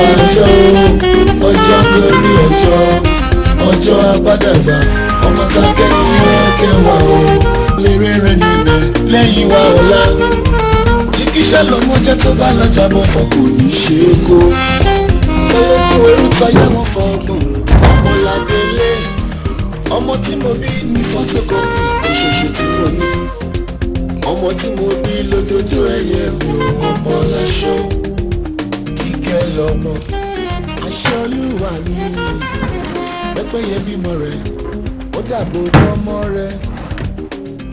ọjọ́ ọjọ́ lórí ọjọ́ ọjọ́ abádàgbà ọmọ tákẹ́yìn ẹ̀kẹwàá o lérè rẹ̀ níbẹ̀ lẹ́yìn wa ọ̀la kíkíṣẹ́ lọ́mọ jẹ́ tó bá lọ́jà mọ́ fọ kò ní ṣe é kó olóko ẹrú táyà wọn fọ ọgbọ̀n ọmọ làgbélé ọmọ tí mo bí ní fọ́tòkọ́pì oṣooṣù tí mo ní ọmọ tí mo bí lódodo ẹ̀yẹ mi ò ọmọ láṣọ yẹ lọ́mọ àṣẹ olúwa ni pẹ́pẹ́yẹ bímọ rẹ̀ ó dàbò tọ́mọ rẹ̀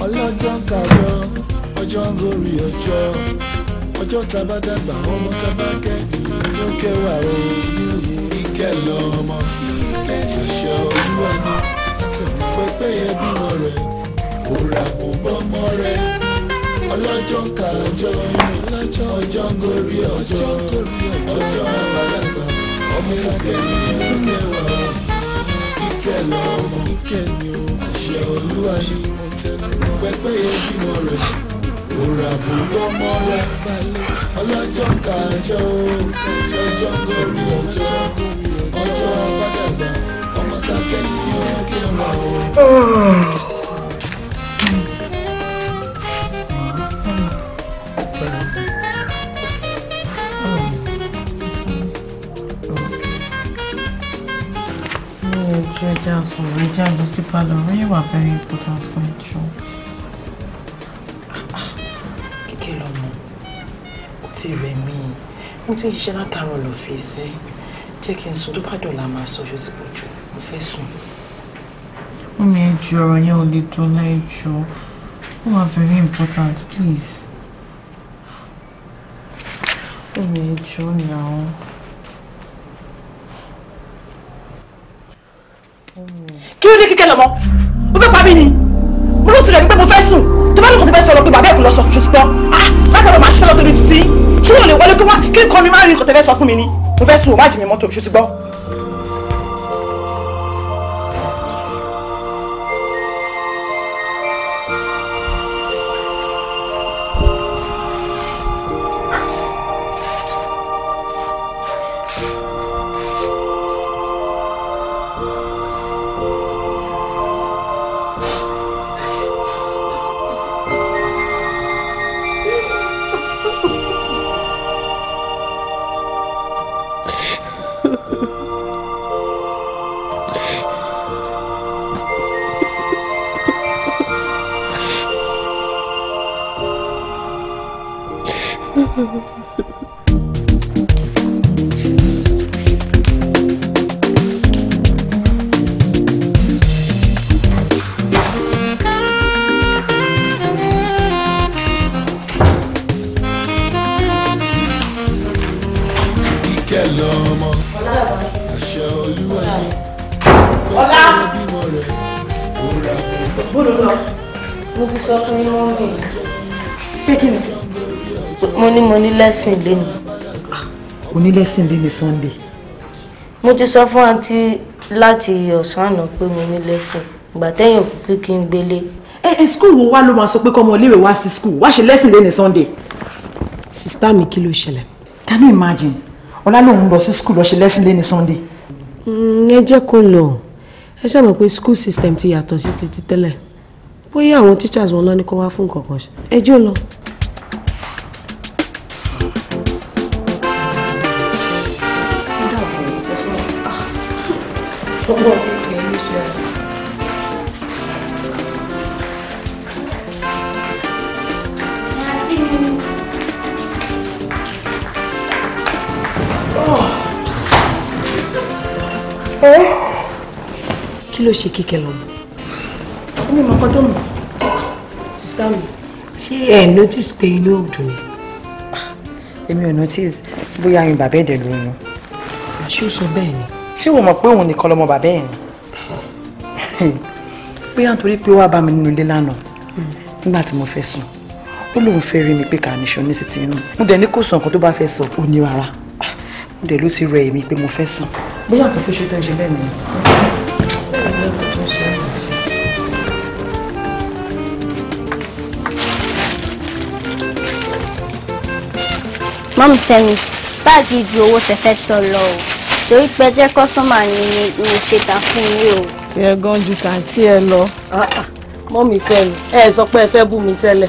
ọlọ́jọ́ ń kájọ ọjọ́ ń gorí ọjọ́ ọjọ́ tabadàgbà ọmọ tabakẹ́ ló kẹwàá o ìkẹ́ lọ́mọ àṣẹ olúwa ni pẹ́pẹ́yẹ bímọ rẹ̀ òrà kò bọ́mọ rẹ̀ ọlọ́jọ́ ń ka ọjọ́ ọlọ́jọ́ ọjọ́ ń gorí ọjọ́ ọjọ́ ọmọ ìkẹ́ ni kẹwàá kíkẹ́ lọ ọmọ kíkẹ́ ni o àṣẹ olúwa ni mo tẹnu mọ́ pẹ́pẹ́ yẹn bímọ rẹ̀ òrà bùbọ́ mọ́ rẹ̀ ọlọ́jọ́ ń ọjọ́ gorí ọjọ́ ọjọ́ ọ̀bàdàgbà ọmọ takẹ́ ni ó o. Ah. jẹ́ ẹja sọ̀rọ̀ ẹja lọ sí pálọ̀ rí wà very important when true. kíkẹ́ lọ́mọ ó ti rẹ̀ mí mo ti ń ṣiṣẹ́ látàárọ̀ lọ fi ṣẹ́ jẹ́ kí n sùn tó bá dọ̀la máa sọ ojú ti pọ̀ jù mo fẹ́ sùn. Mummy ẹ jọ̀ọ́ ọ̀rọ̀ yẹn ò lè dùn náà ẹ jọ̀ọ́ ó wà very important please. Mummy ẹ jọ̀ọ́ náà. kí ló dé kíkẹ́ lọ́mọ ó fẹ́ pa mí ni mo ló sọ̀rọ̀ ẹni pé mo fẹ́ sùn tó bá lókun ti fẹ́ sọ̀rọ̀ pé bàbá ẹ̀kú lọ sọ fún ṣòtítọ́ ah látọ̀dọ̀ máa ṣiṣẹ́ lọ́tọ́ ní tuntun yìí ṣé o lè wọlé kí wọ́n kí n kọ́ mi má rí nǹkan tẹ́ fẹ́ sọ fún mi ni mo fẹ́ sùn o má jì mí mọ́tò ṣòtítọ́ kí ni. mo ní mo ní lẹ́sìn ilé ni. Ah, onílẹ́sìn ilé ni Sunday. mo ti sọ fún àǹtí láti ọ̀sán àná pé mo ní lẹ́sìn ìgbà tẹ́yìn òkú pé kí n gbélé. ẹ ẹ skul wo wá ló máa sọ pé kọ́ ọmọ iléèwé wá sí skul wá ṣe lẹ́sìn ilé ni Sunday. sista mi kí ló ṣẹlẹ̀. can you imagine ọlá lòun lọ sí skul lọ ṣe lẹ́sìn ilé ni Sunday. Mm, ẹ jẹ́ kó lọ ẹ ṣàmọ̀ pé school system ti yàtọ̀ sí ti tẹ́lẹ̀ bóyá àwọn teachers wọn lọ ní kó wá fún nǹkan kan ẹjọ́ lọ. ọwọ́ kékeré ló ṣe ọ̀rọ̀. Oh. Eh? kí ló ṣe kíkẹ lọ. mi mọ ọkọ tó mọ sista mi. ṣé ẹ notice pé inú òdò ni. Ah, èmi ò notice bóyá ayùn bàbá ẹ̀dẹ̀ ló ń lọ. àṣé ó sọ bẹ́ẹ̀ ni ṣé wọ́n mọ̀ pé òun nìkan lọ́mọ bàbá ẹ̀ ni pé à ń torí pé ó wá bá mi nínú ilé lánàá nígbà tí mo fẹ́ sùn ó lóun fẹ́ rí mi pé kà níṣọ ní sítì inú mo dẹ̀ ní kò sọ nǹkan tó bá fẹ́ sọ ò ní rárá mo dẹ̀ ló ti rẹ èmi pé mo fẹ́ sùn bóyá nǹkan tó ṣe tó ń ṣe bẹ́ẹ̀ nìyẹn. mọ́mí sẹ́mi báàgì ju owó tẹ̀fẹ́ sọ lọ o torí pé jẹ́ kọ́sọ́mà ni mi ò ṣe tà fún yín o. tí ẹ gan ju kàǹtí ẹ lọ. Ah, ah, mọ́ mi fẹ́ mi ẹ sọ pé ẹ fẹ́ bù mí tẹ́lẹ̀.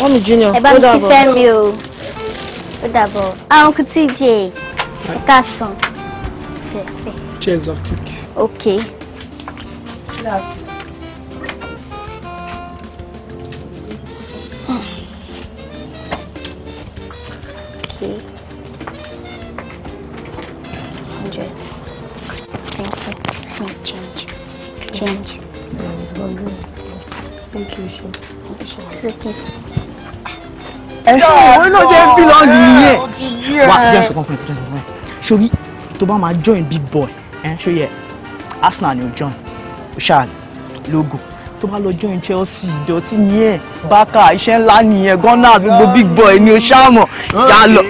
mọ́mí junior ó dàbọ̀. ẹ bá mi kí fẹ́ mi o ó dàbọ̀ àwọn kùtì jẹ́ ẹ̀ka sàn two chairs of tea. Okay. That. Okay. Hundred. Thank you. Change. Change. Yeah, it's going good. Thank you, sir. It's okay. ẹ̀hìn òun náà jẹ́ bí lọ́ọ̀lù yẹn wà jẹ́ sọ̀kan fún ẹ̀ sórí tó bá máa join big boy ẹ ṣó yẹ Arsenal ni o join o ṣáà lógo tó bá lọ join Chelsea ìdọ̀tí ni ẹ̀ bákà iṣẹ́ ńlá nìyẹn ghana gbogbo big boy ni o ṣáà mọ̀ yà á lọ.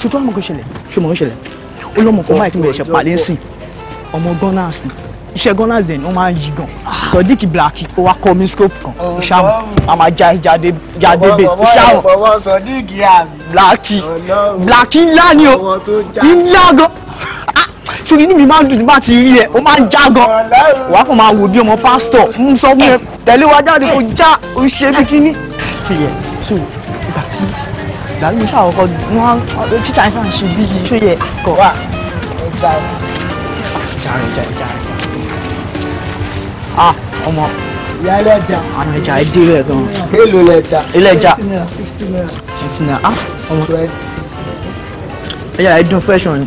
ṣùtú àmọ́ kò ṣẹlẹ̀ ṣùgbọ́n ó ṣẹlẹ̀ ó lọ́mọ kó báyìí tó bẹ̀rẹ̀ ṣe pàdé sí ọmọ ghana sí iṣẹ́ ghana zen wọ́n máa ń yí gan Sodiq Blackie ó wá kọ́ miniscope kan o ṣáà a máa ja jáde jáde base o ṣáà mọ̀ Blackie Blackie ńlá ni o ńlá gan ṣùgbọ́n inú mi máa ń dùn nígbà tí rí ẹ ó máa ń já gan wàá kàn máa wò bí ọmọ pásítọ̀ ń sọ fún ẹ tẹ̀lé wa jáde kò já ó ṣe bí kíní. ṣèyẹ so ìgbà tí làálù ṣàkọ́kọ́ wọn tíṣà ń ṣàǹṣe bí ṣóyẹ kọ̀ wá. jàre jàre jàre ah ọmọ ìyá ẹlẹ́ja àwọn ẹja ẹdí rẹ̀ gan. èlò ẹlẹ́ja. ẹlẹ́ja fifteen naira fifteen naira ah ọmọ ẹja ẹdún fẹ́sàn ni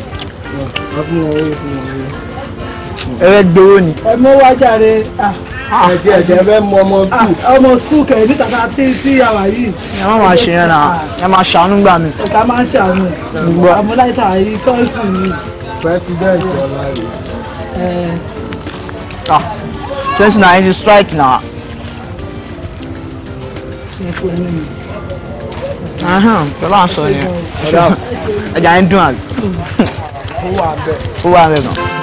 ẹ̀rẹ́ gbowó ni. ẹ mọ wá jàre ah, ah, ẹ̀jẹ̀ ẹ̀jẹ̀ fẹ́ mọ ọmọ skul. Ah, ọmọ skul kẹ̀ ní tàtà tí tí a wà yìí. ẹ má máa ṣe yẹn náà ẹ máa ṣàánú gbà mí. ọ̀gá máa president ah twenty nine is strike na. pẹ̀lú àṣọ yẹn ẹ̀jẹ̀ á ó wà ń bẹ̀. ó wà náà.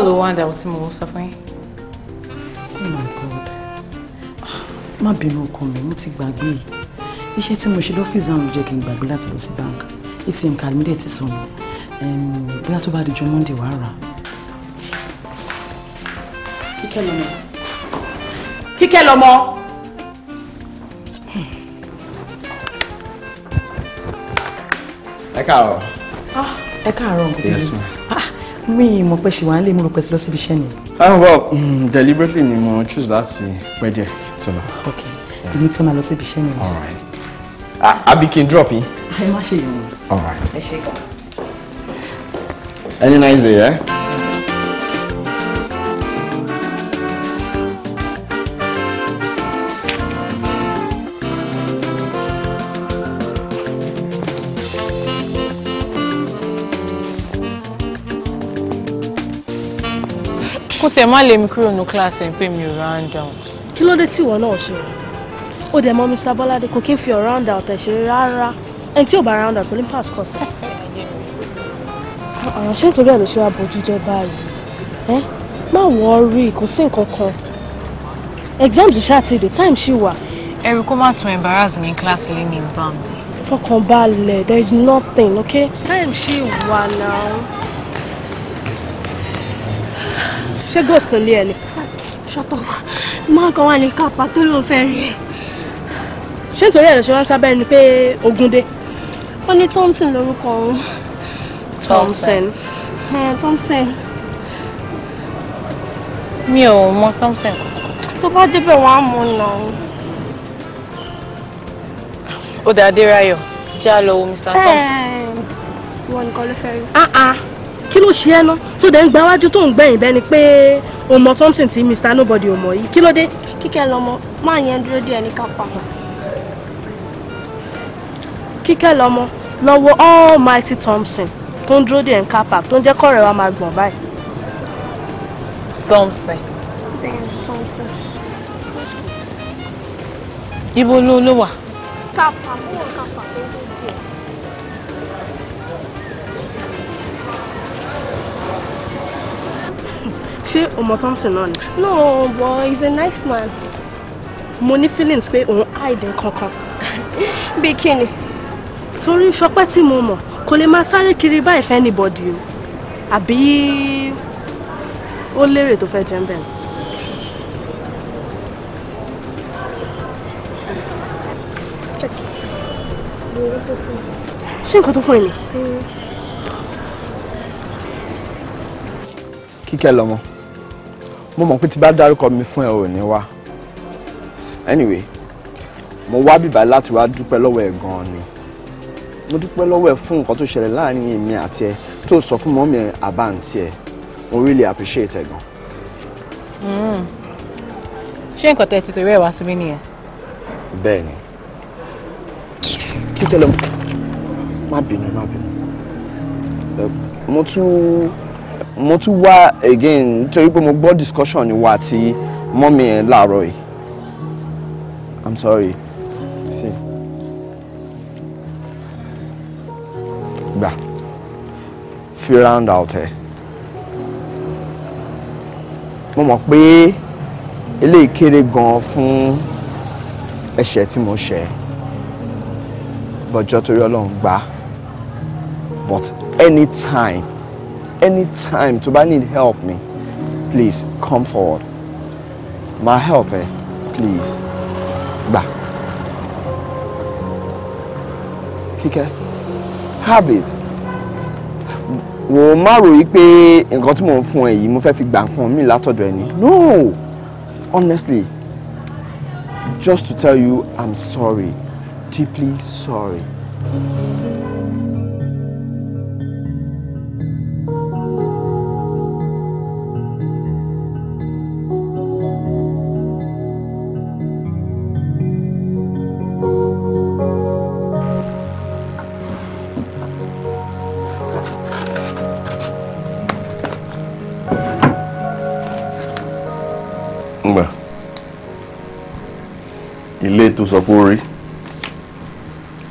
náà ló wáńdà tí mo sọ fún yín. oh my god má bínú ọkọ mi mo ti gbàgbé iṣẹ́ tí mo ṣe lọ́fíìsì àwọn jẹ́ kí n gbàgbé láti lọ sí bank atm card mi dẹ̀ ti sọnù bóyá tó bá di jọ monday wàá rà. kíkẹ́ lọ́mọ. kíkẹ́ lọ́mọ. ẹ káàárọ̀. Ah, ẹ káàárọ̀ nǹkan tó yẹ mi mọ̀ pé ṣe wà ń lè mú rò pẹ́ sí lọ síbi iṣẹ́ ni. ah well um, deliberately ni mo choose láti pẹ́ díẹ̀ tó lọ. ok èmi tí wọ́n máa lọ síbi iṣẹ́ ni. all right ah, àbí kí n drop yín. ẹ má ṣe yẹn. all right ẹ ṣe gan. any nice day. Eh? kó tiẹ̀ má lè mi kúrò ní kíláàsì pé mi ò round out. kí ló dé tí ìwọ náà ṣe o dẹ̀ mọ̀ Mr. Bọ́ládé kò kí n fi round out ẹ̀ ṣe rárá ẹni tí ò bá round out pẹ̀lú pass course. àwọn ṣé nítorí ẹ̀ ló ṣe wá bójú jẹ́ báyìí má worry kò sí nǹkan kan exams ṣáà ti dé time ṣì wà. ẹ̀rù kó má tún embarrass me in class lé mi bá mi. fọkànbalẹ̀ there is nothing okay. time ṣì wà náà. ṣé ghost ní ẹ ni. ṣọtọ máa kàn wá ní kápá tó ló ń fẹ́ rí ẹ. ṣé nítorí ẹ̀ lọ ṣe wá sábẹ́ ni pé Ògúndé. ó ní Thompson lórúkọ òun. Thompson. Thompson. mi ò mọ Thompson. tó bá débẹ̀ wọ́n á mú un náà. ó dà Adéráyọ̀ já lọ wo Mr. Thompson. wọ́n nìkan ló fẹ́ rí. Ah, ah kí ló ṣe ẹ́ ná tó dẹ̀ ń gba wájú tó ń gbẹ̀yìn bẹ́ẹ̀ ni pé o mọ thompson tí mr nobody ò mọ̀ yìí kí ló dé. kíkẹ́ lọ́mọ máa yẹn dúró díẹ̀ ní kápá. kíkẹ́ lọ́mọ lọ́wọ́ almighty thompson tó ń dúró díẹ̀ ní kápá tó ń jẹ́ kọ́rẹ́ wa máa gbọ̀n báyìí. thompson. bẹ́ẹ̀ thompson. ibo ló ló wà. kápá owó kápá. ṣé ọmọ thompson náà ni. no but he's a nice man. mo ní feelings pé òun hide kankan. bí kíni. torí Ṣọpẹ́ tí mo mọ̀ kò lè máa sáré kiri báyìí fẹ́ anybody o àbí ó lérè tó fẹ́ jẹun bẹ́ẹ̀. ṣé nǹkan tó fún ẹ ni. Mm. kíkẹ́ lọ́mọ mo mọ̀ pé tí bá dárúkọ mi fún ẹ ò ní wá anyway mo wá bìbá láti wá dúpẹ́ lọ́wọ́ ẹ gan-an ni mo dúpẹ́ lọ́wọ́ ẹ fún nǹkan tó ṣẹlẹ̀ láàrin èmi àti ẹ tó sọ fún mọ́mí ẹ àbá ẹ mo really appreciate ẹ gan. Hmm. ṣé nǹkan tẹ́ ti torí ẹ̀ wá sí mi nìyẹn. bẹ́ẹ̀ ni kí tẹ́lẹ̀ má bínú má bínú mo tún mo tún wá again nítorí pé mo gbọ́ discussion ni wa àti mọ́mí ẹ̀ láàárọ̀ yìí i'm sorry see gbà fi round out ẹ mo mọ̀ pé eléyìí kéré gan fún ẹ̀ṣẹ̀ tí mo ṣẹ̀ bọ́jọ́ torí ọlọ́run gbà but anytime anytime tó bá need help me, please come forward My helper, please Ba. kíkẹ́ have it wò ó má ròyìn pé nǹkan tí mò ń fún ẹ yìí mo fẹ́ fi gbà nǹkan mi látọ̀dọ̀ ẹni no honestly just to tell you i'm sorry deeply sorry. sọ pé ó rí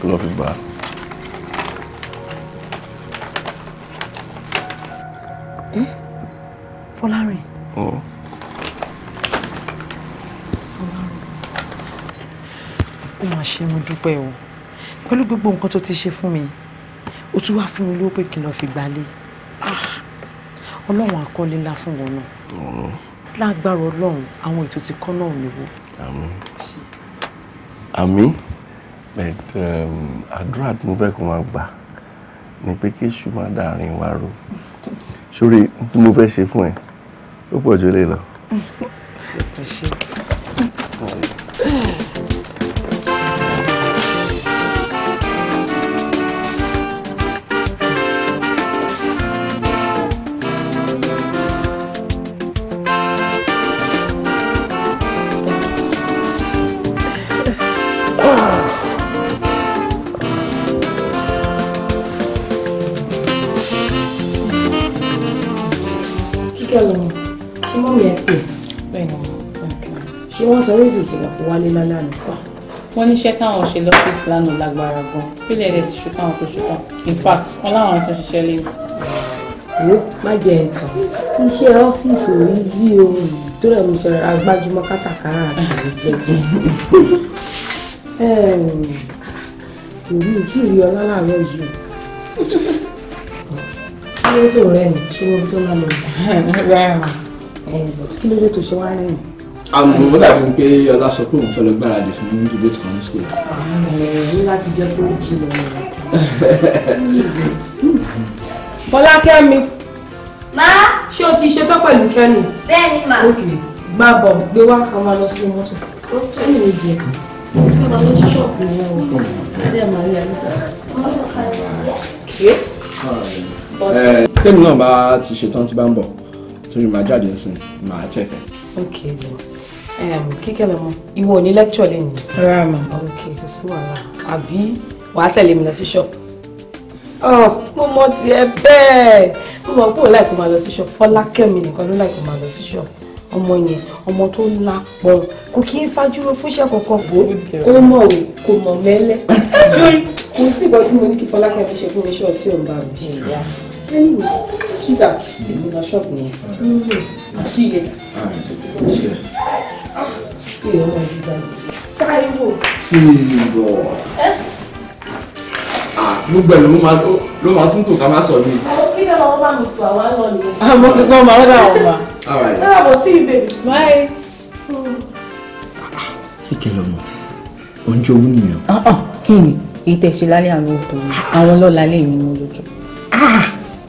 kí ló fi gbà á. Fọlárin. Fọlárin. Ó máa ṣe mo dúpẹ́ o. Pẹ̀lú gbogbo nǹkan tó ti ṣe fún mi, ó tún wá fún mi lówó pé kí n lọ fi gbalé. Ah! Ọlọ́run àkọ́lé ńlá fún wọn náà. Lágbára Ọlọ́run, àwọn ètò ti kọ́ náà níwò àmì but um, àdúrà tí mo fẹ́ kó máa gbà ni pé kí èṣù má dàárín wa rú sórí tí mo fẹ́ ṣe fún ẹ ó pọ̀ jù lè lọ. sọ reason tí wọ́n fi wálé lálẹ́ àná fún wa. wọ́n níṣẹ́ táwọn ṣe lọ́fíìsì lánàá lágbára gan-an pílẹ̀ rẹ̀ ti ṣú káwọn tó ṣú tán in fact wọ́n láwọn tó ṣiṣẹ́ léwu. wo má jẹ nǹkan iṣẹ́ ọ́fíìsì ò ní sí ohun tó rẹ̀ mi sọ agbájúmọ́ kátàkárà àti jẹjẹ. èmi ò tí ì rí ọlá láàárọ̀ yìí o kí ló tó rẹ̀ mí ṣé wọ́n tó lọ́nà. kí ló dé tó ṣe wá rẹ̀ mí àmọ́ ó dàbí pé ọlá sọ pé òun fẹ́ lọ gbáradì fún debate kan ní school. ní láti jẹ́ kó kí lọ rẹ̀. Fọlákẹ́mi. Má. Ṣé o ti ṣetán pẹ̀lú kẹ́nu? Bẹ́ẹ̀ni mà. Ok, gbá bọ̀ gbé wá ká máa lọ sí mọ́tò. Ó kẹ́nu ò jẹ. Tí wọ́n máa lọ sí ṣọ́ọ̀bù wọn o. Adé máa rí àlùfáà. Tẹ́mi eh, náà bá ti ṣetán tí bá ń bọ̀ torí màá jáde ẹ̀sìn màá check ẹ̀. Ok kíkẹ́ lọ́mọ ìwọ ò ní lecture lẹ́yìn. rárá ma. ok kò sí wàhálà àbí wàá tẹ̀lé mi lọ sí ṣọ́ọ̀bù. ọ mo mọ tiẹ̀ bẹ́ẹ̀ mo mọ pé òun láìpẹ́ máa lọ sí ṣọ́ọ̀bù fọlákẹ́mi nìkan ló láìpẹ́ máa lọ sí ṣọ́ọ̀bù ọmọ yẹn ọmọ tó ńlá pọ̀ kò kí n fajúro fúnṣẹ́ kankan bò kó mọ̀wé kó mọ̀ mẹ́lẹ́ jórí kò sí ìbọn tí mo ní kí fọlákẹ́mi ṣe fún mi ṣọ́ọ̀bù tí òun bá jì yá anyway sweet heart èmi ṣọ́ọ̀bù yẹn àṣìyẹ kí lè wọ́n ti dá Táíwò. Táíwò. gbogbo ẹ̀ ló máa tún tò ká má sọ mí. kí ni àwọn máa mi tò àwa lọ nìyẹn. àmọ́ ah, ti gbọ́n máa ń rà wọ́n wá. náà bọ̀ sí ibẹ̀ báyìí. kíkẹ́ lọ́mọ oúnjẹ owó nìyẹn. Ah, ah, kí ni èyí tẹ̀ ṣe lálẹ́ àná òtò àwọn ọlọ́lá lè mú un lójú.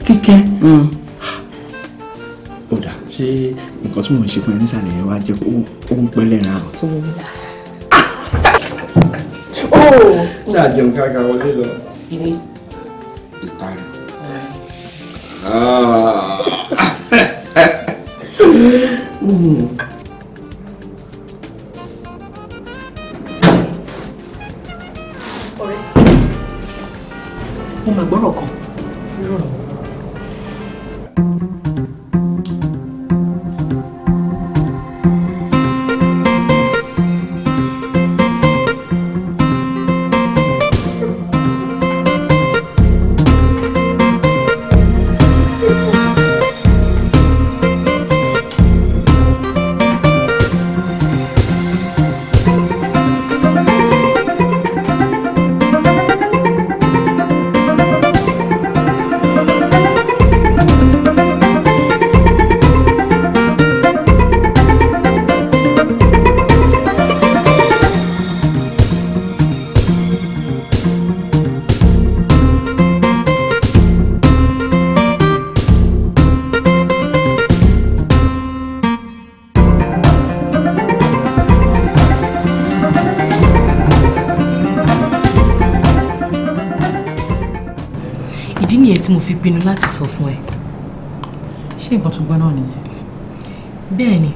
kíkẹ́. Mm ó dà ṣé nǹkan tí mò ń ṣe fún ẹ nísàlẹ̀ yẹn wá jẹ́ kó ó ń pẹ́ lẹ́ran àwọn. tó ń dà. Oh! ṣé àjẹun káka wọlé lọ. ilé. ìtayọ. mm mo mọ̀ gbọ́rọ̀ kan lọ́rọ̀ láti sọ fún ẹ ṣé nǹkan tó gbọ́ náà nìyẹn. bẹ́ẹ̀ ni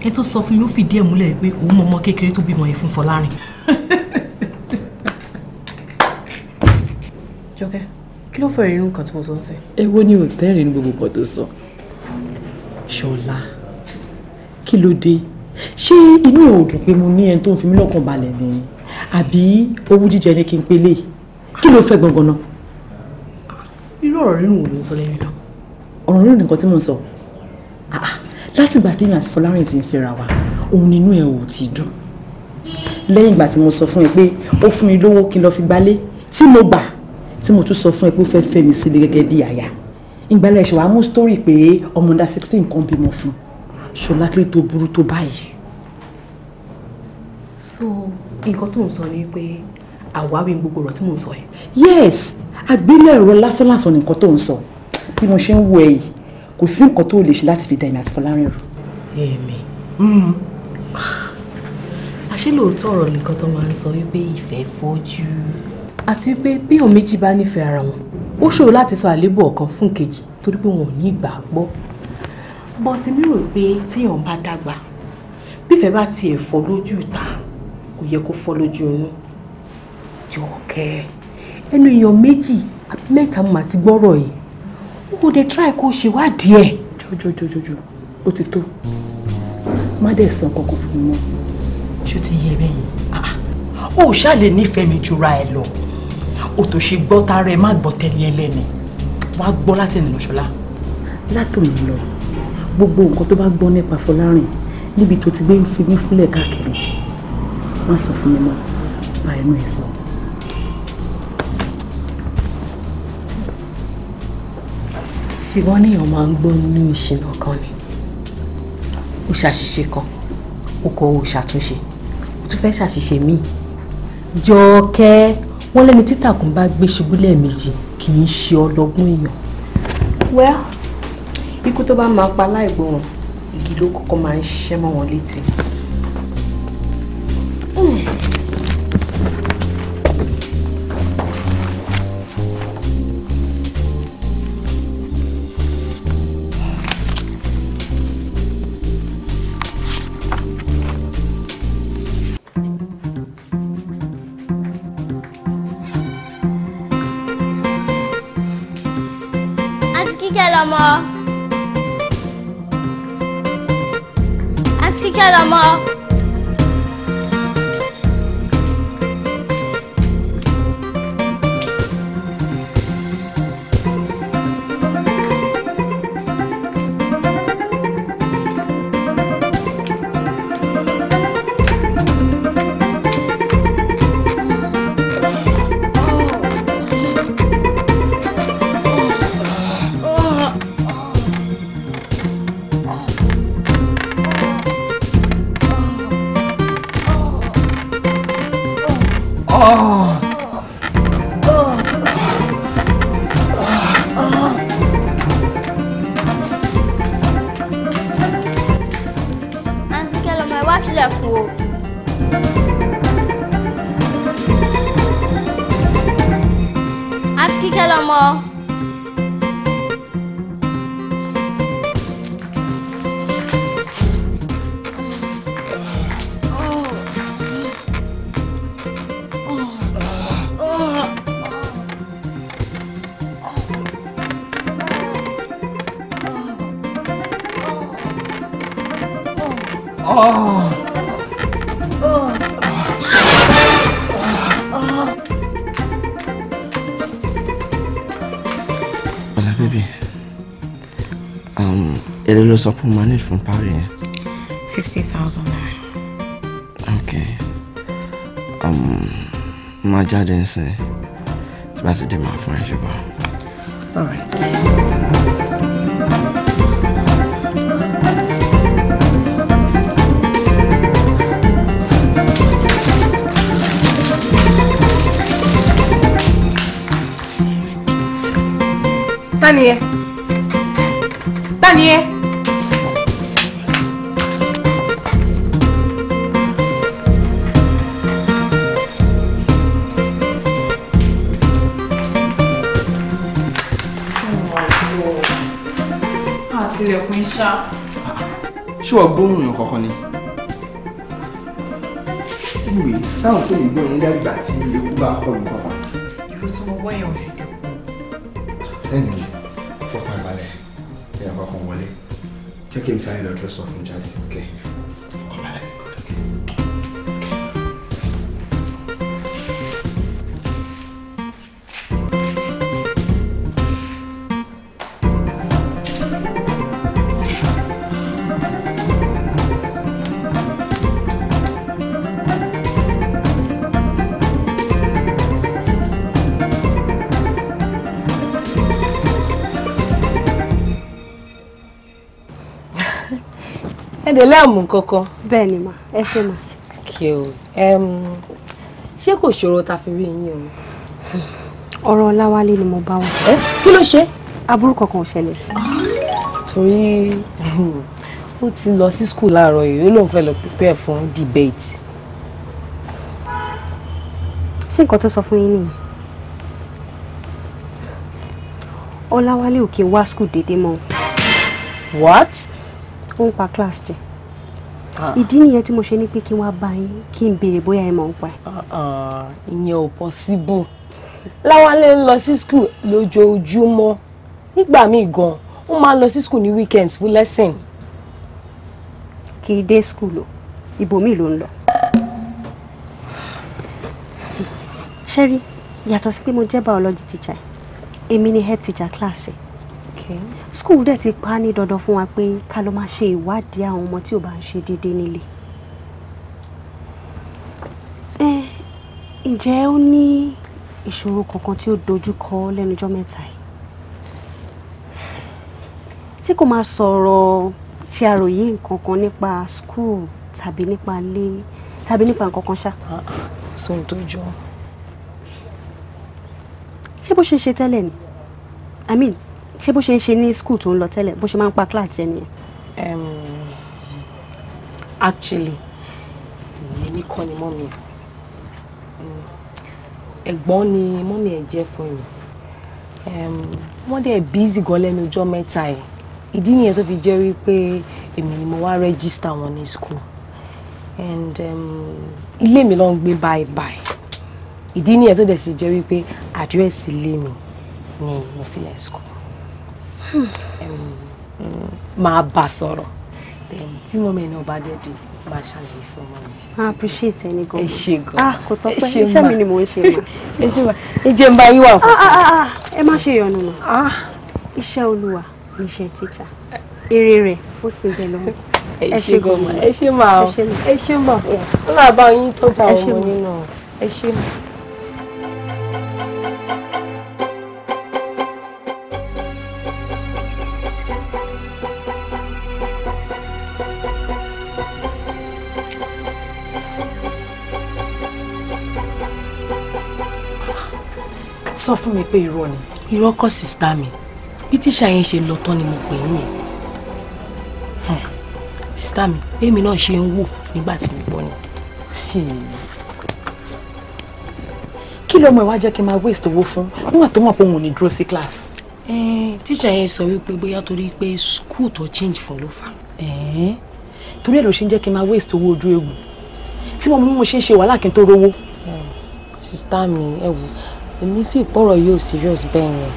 ẹ tó sọ fún mi ló fìdí ẹ̀ múlẹ̀ pé òun mọ ọmọ kékeré tó bímọ yẹn fún Fọlárin. jọkẹ́ kí ló fẹ́rẹ̀ irun kan tí mo sọ ń sẹ́. èwo ni òtẹ́ẹ̀rì ní gbogbo nǹkan tó sọ. ṣọlá kí ló dé ṣé inú ò dùn pé mo ní ẹni tó ń fi mí lọ́kàn balẹ̀ ni àbí owó jíjẹ ni kí n pélé kí ló fẹ́ gbọ̀ngàn náà ọ̀rọ̀ rírùn ò ló ń sọ lẹ́yìn náà ọ̀rọ̀ rírùn nìkan tí mò ń sọ ah, ah, láti ìgbà tèmi àti Fọlárìn ti ń fẹ́ra wa òun nínú ẹ̀ ò ti dùn lẹ́yìn ìgbà tí mo sọ fún ẹ pé ó fún mi lówó kí n lọ fi gbálé tí mo gbà tí mo tún sọ fún ẹ pé ó fẹ́ fẹ́ mi sílé gẹ́gẹ́ bí àyà ìgbàlẹ̀ ṣe wàá mú sítórì pé ọmọ ọ̀dà sixteen kan bímọ fún ṣọlá kiri tó burú tó báyìí. so nǹkan tó ń sọ ni pé àwáwí gbogbo ọ̀rọ̀ tí mò sọ yẹn. yes àgbélẹ̀rọ lásánlàsán ni nǹkan tó ń sọ bí mo ṣe ń wo ẹ̀yìn kò sí nǹkan tó lè ṣe láti fi dẹ̀yìn àti fọlárin rò. èmi hmm. àṣé lóòótọ́ ọ̀rọ̀ nìkan tó máa ń sọ wípé ìfẹ́ fọ́jú. àti pé bí òun méjì bá nífẹ̀ẹ́ ara wọn ó ṣòro láti sọ àléébù ọ̀kan fún kejì torí pé wọn ò ní ìgbàgbọ́. bọ́ ti mi rò pé téèyàn bá dàgbà bífẹ̀ẹ́ bá tiẹ̀ fọ́ lójú ìta kò yẹ kó fọ́ lójú inú jọ̀ọ́kẹ́ ẹnu èèyàn méjì àbí mẹ́ta mà ti gbọ́rọ̀ yìí ó dé try kó ṣèwádìí ẹ̀. jọjọjọjọjọ ó ti tó má dẹ̀ san kankan fún mi mọ́. ṣó ti yẹ bẹ́ẹ̀ yìí ó ṣàlè nífẹ̀ẹ́ mi jura ẹ lọ òtò ṣe gbọ́ tara ẹ má gbọ́ tẹ́lẹ̀ ẹlẹ́ni wàá gbọ́ láti ẹnu lọ́ṣọ́lá. látòun lọ gbogbo nǹkan tó bá gbọ́ nípa Fọlárìn níbi tó ti gbé ń fi mí fúnlẹ̀ káàkiri má sọ fún mi mọ́ bá ẹnu ẹ̀ sọ. tí wọ́n níyàn máa ń gbọ́ nínú ìṣìnà kan ni ó ṣàṣìṣe kan ó kọ ó ṣàtúnṣe ó tún fẹ́ ṣàṣìṣe míì jọ̀ọ́kẹ́ wọ́n lẹ́ni títàkùn bá gbé ṣubú lẹ́ẹ̀mejì kì í ṣe ọlọ́gbọ́n èèyàn. well ikú tó bá máa pa láìgbọràn igi ló kọ́kọ́ máa ń ṣẹ́ mọ́ wọn létí. انسی عطسی کلام ها ló sọ pé mo máa ní fún parí yẹn. fifty thousand naira. ok um, máa jáde nsìn tí bá ti dé máa fún ẹ ṣùgbọ́n. all right. Tani yẹ? ṣé wàá gbóhùn yàn kankan ni. ìwé sáwọn tó lè gbọ́ yẹn dàgbà tí ewu bá kọ́ mi kankan. ìlú tí mo gbọ́ yẹn ò ṣe dẹ́kun. lẹ́nu fọkàn balẹ̀ ẹ̀yà kankan wọlé jẹ́ kí n sáré lọ́jọ́ sọ fún jáde. Okay. jáde lẹ́ẹ̀mú kankan. bẹ́ẹ̀ ni mà ẹ fẹ́ mà. kí o ṣé kò ṣòro ta fi rí yín o. ọ̀rọ̀ ọláwálé ni mo bá wọn. ẹ kí ló ṣe. aburú kankan ò ṣẹlẹ̀ sí. torí ehm, ó ti lọ sí skul láàárọ̀ yìí ó lóun fẹ́ lọ prepare fún debate. ṣé nǹkan tó sọ fún yín nìyẹn. ọláwálé ò kí wá skul déédéé mọ́. what. ó ń pa class jẹ. Ah. ìdí nìyẹn tí mo ṣe ní pé kí n wá bá yín kí n béèrè bóyá ẹ mọ̀ ń pa. Ah, ah, ìyẹn ò possible láwálé ń lọ sí school lójoojúmọ́ nígbà míì gan ó máa ń lọ sí school ní weekends fún lesson. kì í dé school o ibòmíì ló ń lọ. ṣẹ́rí yàtọ̀ sí pé mo jẹ́ biology teacher èmi ni head teacher class. Okay school dẹ̀ ti pa ní dandan fún wa pé ká lọ máa ṣe ìwádìí àwọn ọmọ tí ò bá ń ṣe déédéé nílé. ẹ ǹjẹ́ ó ní ìṣòro kankan tí ó dojú kọ lẹ́nujọ́ mẹ́ta yìí? ṣé kò máa sọ̀rọ̀ ṣe àròyé nǹkan kan nípa school tàbí nípa ilé tàbí nípa nǹkan kan ṣá. Ah, ah, sóhun tó jọ. ṣé bó ṣe ṣe tẹ́lẹ̀ ni? I mean ṣé bó ṣe ń ṣe ní school tó ń lọ tẹ́lẹ̀ bó ṣe máa ń pa class jẹ nìyẹn. actually èmi kọ́ ni mọ́ mi ẹ̀gbọ́n ni mọ́ mi ẹ̀ jẹ́ fún mi wọ́n dẹ̀ bíìsì gan lẹ́nu ọjọ́ mẹ́ta ẹ̀ ìdí nìyẹn tó fi jẹ́ wípé èmi ni mo wá rẹ́gísítà wọn ní school and ilé mi ló ń gbé báyìí báyìí ìdí nìyẹn tó dẹ̀ sì jẹ́ wípé àdírẹ́sì ilé mi ni mo fi lẹ́ school. Hmm. máa bá sọ̀rọ̀ tí mọ́mí ẹni ọba dẹ́bi máa ṣàlàyé fún ọmọ mi. I appreciate ẹni gan. ẹ ṣe gan. ah kò tọ́ pé iṣẹ́ mi ni mò ń ṣe mà. ẹ ṣe mà ẹ jẹ́ n bá yín wà fún. Ah, ah, ah, ẹ má ṣe yọnu mà. iṣẹ́ olúwa iṣẹ́ tíjà èrè rẹ̀ ó sì bẹ̀ lọ́wọ́. ẹ ṣe gan mà ẹ ṣe mà ẹ ṣe mà ó làbá yín tó bá ọmọ nínú ẹ ṣe mà. sọ fún mi pé irọ́ ni. irọ́ kọ́ sìsítà mi bí tíṣà yẹn ṣe lọ tán ni mo pè yín yẹn hmm. sìsítà mi bẹ́ẹ̀mi náà ṣe ń wò nígbà tí mo gbọ́ ni. Hmm. kí lọmọ ìwà jẹ́ kí n máa waste owó fún nígbà tó mọ̀ pé òun ò ní dúró sí class. tíṣà yẹn sọ wípé bóyá torí pé school tó change fún ló fà. torí ẹ̀ ló ṣe ń jẹ́ kí n máa waste owó ojú eegun tí mo mú mo ṣe ń ṣe wàhálà kí n tó rówó. Hmm. sìsítà mi ẹ wò ó èmi fi ìpọ̀rọ̀ yóò serious bẹ́ẹ̀ yẹn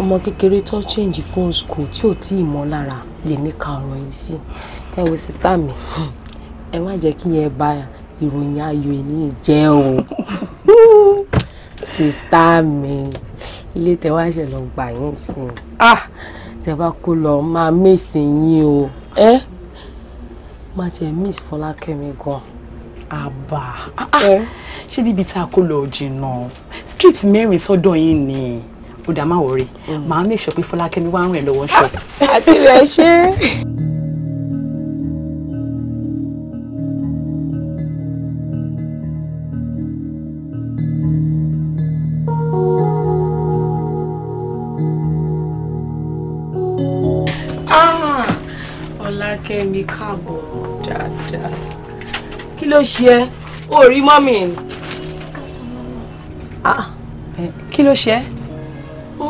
ọmọ kékeré tó change phone school tí ò tí ì mọ́ lára lèmi ka ọ̀rọ̀ yìí sí ẹ wo sísá mi ẹ má jẹ́ kí yẹn bá ìròyìn ayọ̀ ènìyàn jẹ́ o sísá mi ilé tẹ wá ṣe lọ gbà yín sí i ah! tẹ bá kó lọ máa mèsì yín o ẹ má tiẹ̀ miss Fọlákẹ́mi gan-an àbá ah, ah. eh? ṣé níbi tá a kó lọ jìnnà street mẹ́rin sọ́dọ̀ yín ni ó dá má wọrí mm. màá make sure pé Fọlákẹ́mi wá ń rìn lọ́wọ́ ṣọ́ọ̀bù. Ah, àtìlẹ́ ṣe é. ló ṣe ẹ́ o rí mọ́mì ni. Ah. kí ló ṣe ẹ́.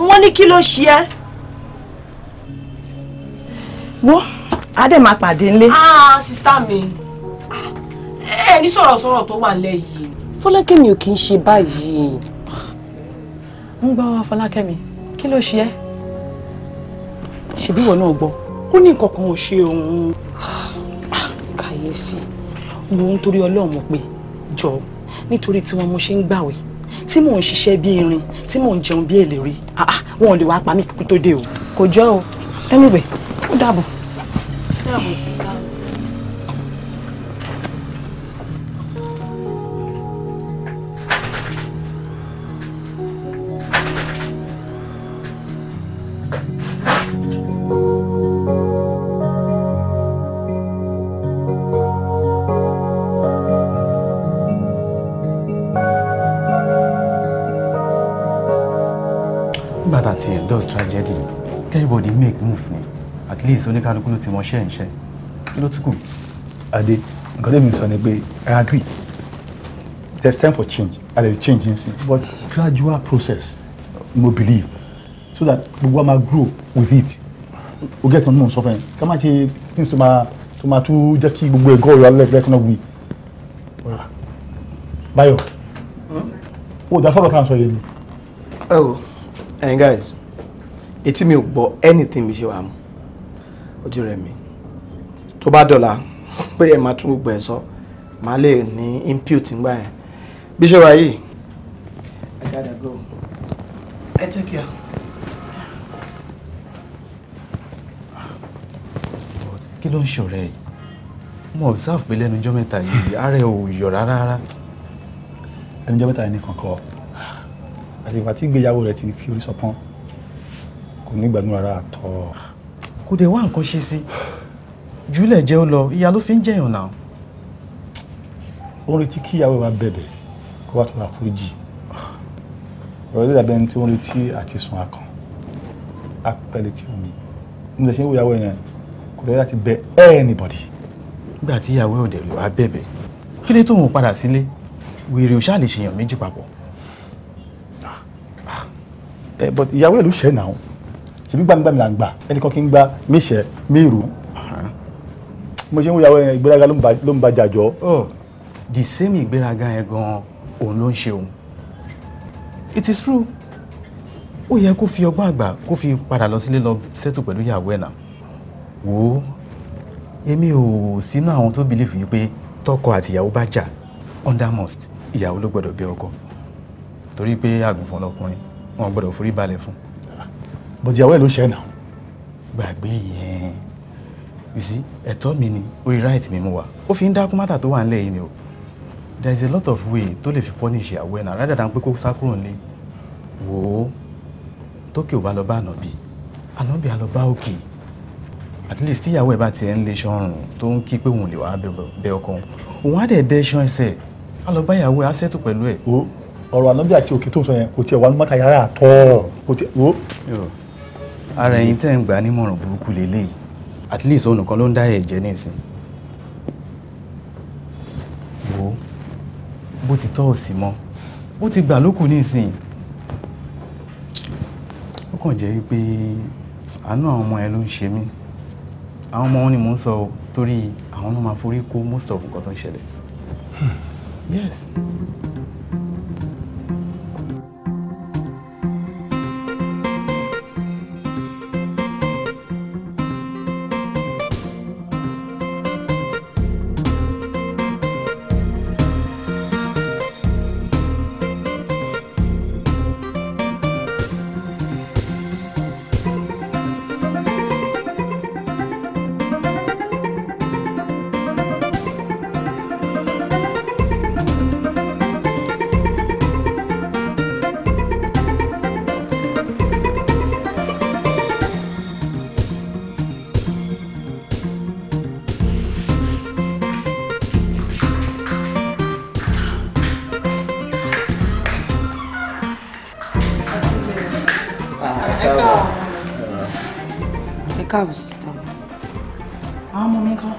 wọ́n ní kí ló ṣe ẹ́. wo adé máa pàdé ńlé. Ah, sista mi ah, ẹ ní sọ̀rọ̀sọ̀rọ̀ tó wà nílẹ̀ yìí. fọlákẹ́ mi ò kì í ṣe báyìí. ń gbọ́ wá fọlákẹ́ mi kí ló ṣe ẹ́ ṣebí ìwọ náà gbọ́ ó ní nǹkan kan ò ṣe òun. kàyéfì mo ń torí ọlọ́run mo pé jọ nítorí tí wọn mo ṣe ń gbàwé tí mò ń ṣiṣẹ́ bí irin tí mò ń jẹun bí èlérí wọn lè wá pa mí kúkú tó dé o. kò jọ o anyway ó dàbọ̀. dàbọ̀ sísá o. least oníkálukú ló ti mọ ṣẹ́ ṣe kí ló tún kù. Adé nǹkan tó mi sọ ni pé I agree there is time for change I there change in sin but gradual process mo believe so that gbogbo wa grow with it o get one more sọ fún yẹn ká má ṣe things to ma to ma tún jẹ́ kí gbogbo ẹ̀gọ́ ọ̀rọ̀ alẹ́ kan náà wí. Báyọ̀ hmm? o da sọ̀rọ̀ kan sọ yẹn ni. oh and guys etí mi ò gbọ́ anything bí ṣe wà mú ó ti rẹ̀ mí tó bá dọ̀la pé ẹ̀ máa tún gbogbo ẹ̀ sọ màá lè ní input ńgbà yẹn bí ṣe wà yìí I gotta go ẹ jẹ́ kí a. kí ló ń ṣọ̀rẹ́ yìí mo observe pé lẹ́nu ọjọ́ mẹ́ta yìí ara ẹ̀ ò yọ̀ rárá. ẹnu ọjọ́ mẹ́ta yìí nìkan kọ́ àti ìgbà tí ìgbéyàwó rẹ̀ ti fi orí sọpọ́n kò ní ìgbàdùn rárá àtọ̀ kò dẹ̀ wá nǹkan ṣe sí jùlẹ̀ jẹ́ ó lọ ìyá ló fi ń jẹ̀yàn náà. ó ń retí kí ìyàwó wa bẹ̀bẹ̀ kó wá tó máa foríjì ọ̀rọ̀ ìdàbẹ̀ ẹni tí ó ń retí àti sùn akàn apẹ̀lẹ̀ tí omi nígbà tí ìyàwó yẹn kò lè láti bẹ anybody. nígbà tí ìyàwó ọ̀dẹ̀ ló wá bẹ̀bẹ̀ kí lè tó òun padà sílé wèrè ò ṣáà lè ṣèyàn méjì papọ̀. ẹ ah, ah. eh, but ìyàwó ẹ ló ṣẹ́ náà ṣèbí gbàmígbàmí là ń gbà ẹnìkan kí ń gbà míṣẹ́ míìrù mo ṣe ń wúyàwó yẹn ìgbéraga ló ba jàjọ. the same ìgbéraga yẹn gan-an òun ló ń ṣe it is true ó yẹ kó fi ọgbọ́n àgbà kó fi padà lọ sílé lọ sẹ́tù pẹ̀lú ìyàwó ẹ̀ náà wò ó èmi ò sínú àwọn tó bìlífù yìí pé tọkọ àti ìyàwó bá jà under must ìyàwó ló gbọ́dọ̀ bí ọkọ torí pé àgùnfọ̀n lọkùnrin wọn gbọ́dọ̀ forí balẹ̀ fún un bọ̀dì ìyàwó well, ló share now, gbàgbé yẹn you see ẹ̀tọ́ mi ni orí right mi mú wa ó fi ń dá kúmátà tó wà ńlẹ̀ yìí ni o there is a lot of way to lè fi punish ìyàwó ẹ̀ rather than pé kó sá kúrò nílé wò ó tókè ò bá lọ bá ànábì ànábì á lọ bá òkè at least tíyàwó ẹ̀ bá tiẹ̀ ń lé sọ́run tó ń kí pé òun lè wá be ọkọ òun á dẹ̀ dẹ́ sọ́ ẹsẹ̀ á lọ bá ìyàwó ẹ̀ á sẹ́tù pẹ̀lú ẹ̀. ọ̀rọ̀ ànábì àti òkè tó ń sọ yẹn kò tiẹ̀ wà ní mọ́tà yàrá àtọ́ kò tiẹ̀ wò ara ẹ̀yin tẹ́ ń gbà nímọ̀ràn burúkú lélẹ́yìí at least òun nìkan ló ń dá ẹ̀jẹ̀ ní ìsìn wo bó ti tọ́ òsì mọ́ bó ti gbà lókù ní ìsìn ó kàn jẹ́ pé àánú àwọn ọmọ ẹ ló ń ṣe mí àwọn ọmọ wọn ni mò ń sọ torí àwọn náà máa forí kó most of nǹkan tó ń ṣẹlẹ̀ hmm. yes. káàbọ̀ sísítà mi. àwọn ọmọ mi kọ́.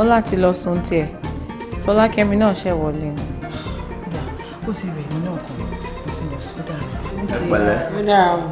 ọlá ti lọ sun tiẹ̀ fọlákẹ́mi náà ṣẹ̀ wọlé ni. ó ti rẹ̀ mí náà kọ́ ó ti lọ sódà rẹ̀. ẹ pẹ̀lẹ́. ó dára o.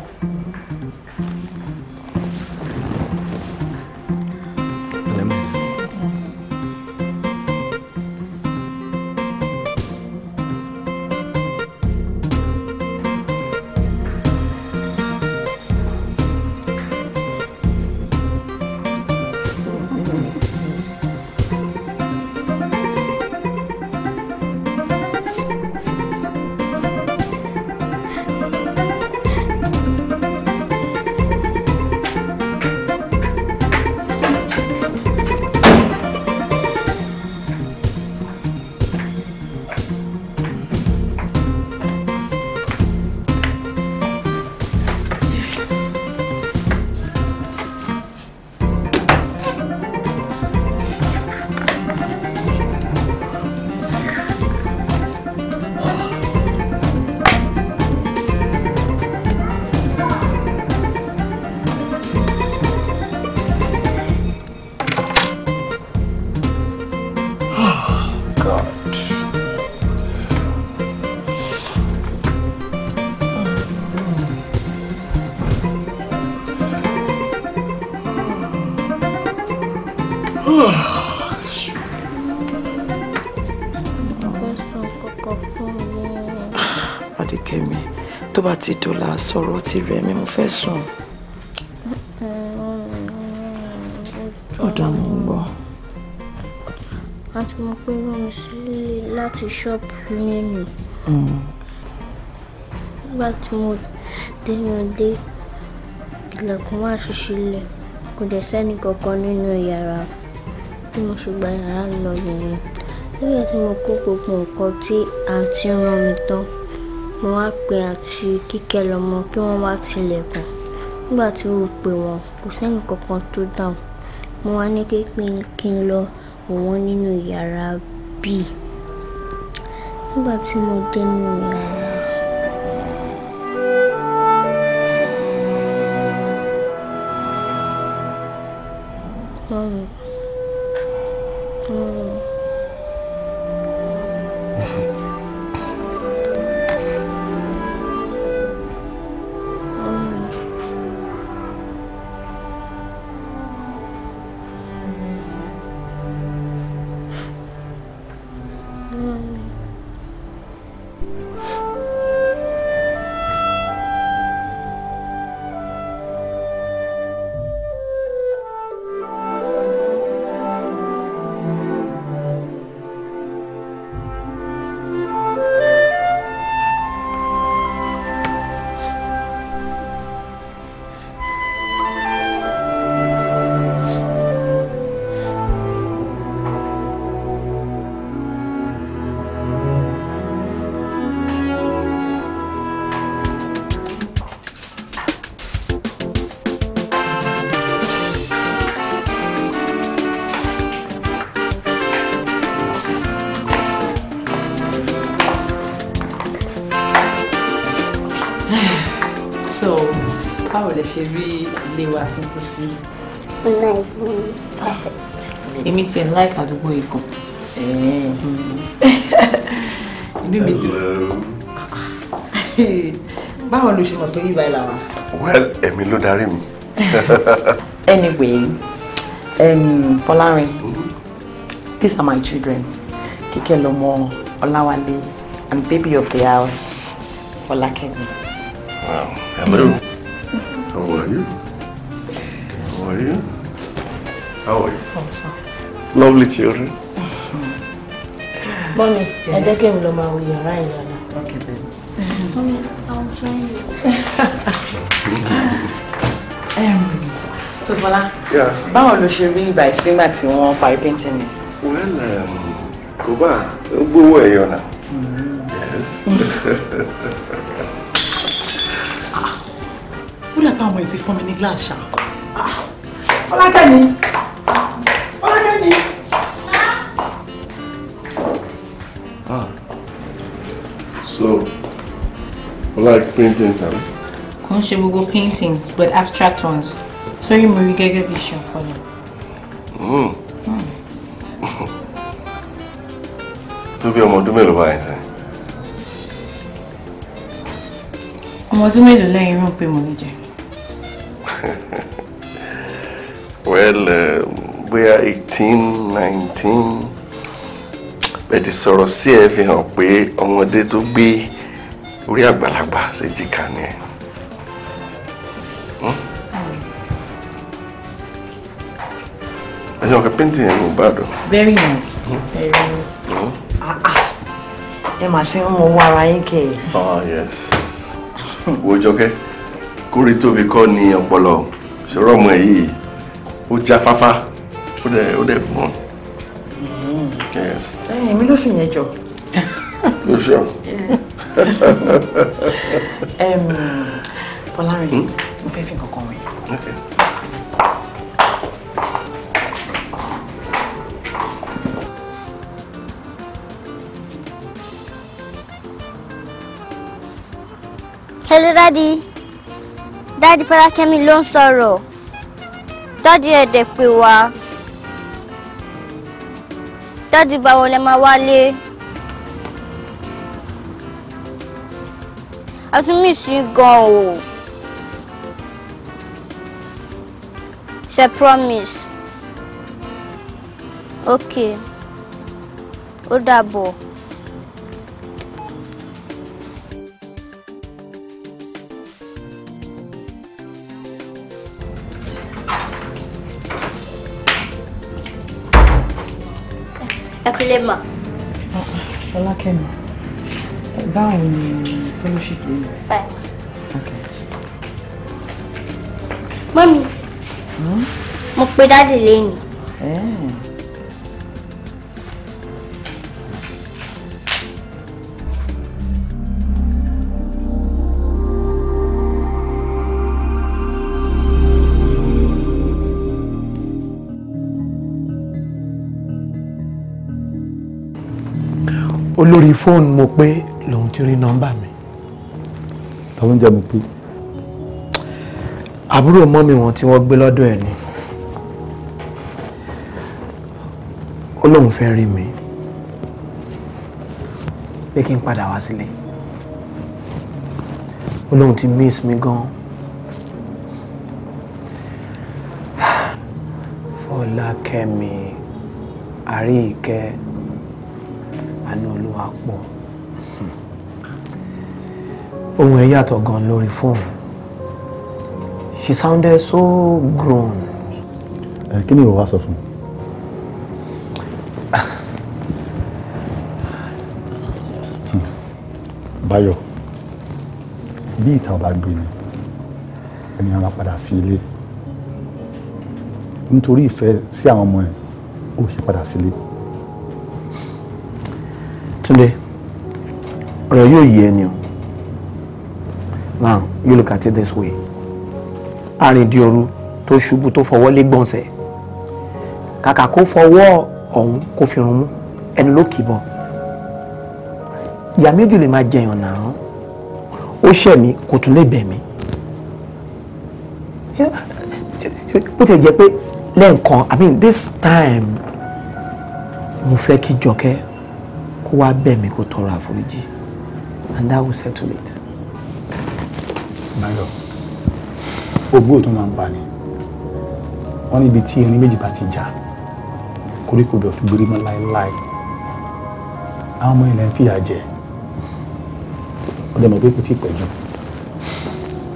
àti dọ̀là sọ̀rọ̀ ti rẹ̀ mi mo fẹ́ sùn. ó dá mú gbọ́. a ti mọ pé rán mi sílé láti ṣọ́ọ̀bù lẹ́nu. Hmm. nígbà tí mo dénú dé ilẹ̀kùn wá ṣíṣe lẹ̀ kò dẹ̀ sẹ́ni kankan nínú yàrá bí mo ṣe gba yàrá lọ nìyẹn nígbà tí mo kó gbogbo nǹkan tí àǹtí rán mi tán mo wá Ìbùpẹ̀ àti Kíkẹ́ lọmọ kí wọ́n wá tilẹ̀kùn. Nígbà tí mo pè wọ́n, kò sẹ́nì kankan tó dáhùn. Mo wá ní pé kí n lọ wọ́n nínú yàrá bí. Nígbà tí mo dé inú yàrá, rẹ̀ ṣe rí ilé wa tuntun sí. nice one perfect. èmi ti ẹ̀ láìka àdúgbò ikùn. inú mi dùn. báwo ló ṣe mọ̀ pé yíba ìlà wa. well ẹ̀mí ló darí mi. anyway um, Fọlárin mm-hmm. these are my children Kíkẹ́ lọ́mọ Ọláwálé and baby of the house Fọlákẹ́mi. Wow. Hello. How are you? I'm Lovely children. Mommy, I just came to my way Okay, baby. Mommy, I'll join you. um, so, Bola, yeah. báwo ló ṣe rí ìgbà ìsíngbà tí wọ́n parí painting ni? Well, um, kò bá gbówó ẹ̀yọ̀ náà. Yes. Mm. Ah, ó lè pa àwọn ètí fún mi ní glass ṣá. Ah, Ọlákẹ́ ni. paintings àbí. kò ń ṣe gbogbo paintings but abstract ones Sorry, mo rí gẹ́gẹ́ bí iṣẹ́ To be a ọmọ ọdún mélòó báyìí sẹ́yìn. ọmọ ọdún mélòó lẹ́yìn rán pé mo lè um, eighteen nineteen But ti sọ̀rọ̀ sí ẹ fi hàn pé ọmọdé tó gbé orí àgbàlagbà ṣe jìkà ni ẹ. Hmm? ẹ̀yin ọ̀kẹ́ pẹ́ntì yẹn ló bá dùn. very nice. Hmm? very nice. Hmm? Ah, ah. ẹ mà sí ń mọ owó ara yín kẹ. ah yes. wo jọkẹ́ kórè tóbi kọ́ ni ọpọlọ ṣòro ọmọ ẹ̀ yìí ó jáfáfá ó dẹ̀ ó dẹ̀ gbọ́n. yes. ẹ̀yin mi ló fi yẹn jọ. ló ṣe ọ. Um, Bọ́lárin, hmm? mo fẹ́ fi nǹkan kan wẹ̀. Hello, Daddy. Daddy Fọlákẹ́mi ló ń sọ̀rọ̀. Daddy ẹ̀dẹ̀ pè wá. Daddy báwo lẹ máa wálé? a tún mí sí gan o ṣe promise ok ó dàbọ̀. ẹ kúlẹ̀ mà. Fọlákẹ́mi báwo ni finish it later. Fine. Okay. Mọ́mí. Hmm? Mo pe dáàdì lẹ́yìn. Eh. olórí fóònù mo pé lòun ti rí nọ́mbà mi ló ń jẹ́ mi pé. àbúrò mọ́mì wọn tí wọ́n gbé lọ́dọ̀ ẹ̀ ni ó lóun fẹ́ rí mi pé kí n padà wá sílé ó lóun ti miss mi gan Fọlákẹ́mi Àríkẹ́ Anúolúwapọ̀ ohùn ẹ̀ yàtọ̀ gan lórí fóònù she sounded so grown. ẹ kí ni ìwọ wá sọ fún un. Hmm. Báyọ̀ bí ìta ọba gbé ni ẹni àwọn padà sí ilé nítorí ìfẹ́ sí àwọn ọmọ ẹ̀ ó sì padà sílé. Túndé ọ̀rọ̀ yóò yé ẹni o. Now, you look at it this way. Arìndíọ̀rù tó ṣubú tó fọwọ́ lé gbọ̀nsẹ̀. Kàkà kó fọwọ́ ọ̀hún kó fi rún mú ẹni ló kì í bọ̀. Ìyá méjì lè máa jẹyàn náà. Ó ṣẹ̀ mí kò tún lè bẹ̀ mí. Bó ti jẹ́ pé lẹ́ǹkan I mean this time mo fẹ́ kí Jọkẹ́ kó wá bẹ̀ mí kó tọrọ àforíjì and that will settle it báyọ̀ ogbó tó máa ń pa ni wọ́n níbi tí erin méjì bá ti jà koríko bẹ̀ fi gbérí mọ́ láéláé àwọn ọmọ ilẹ̀ ń fìyà jẹ ọdẹ mọ̀ pé kò tí ì pẹ́ jù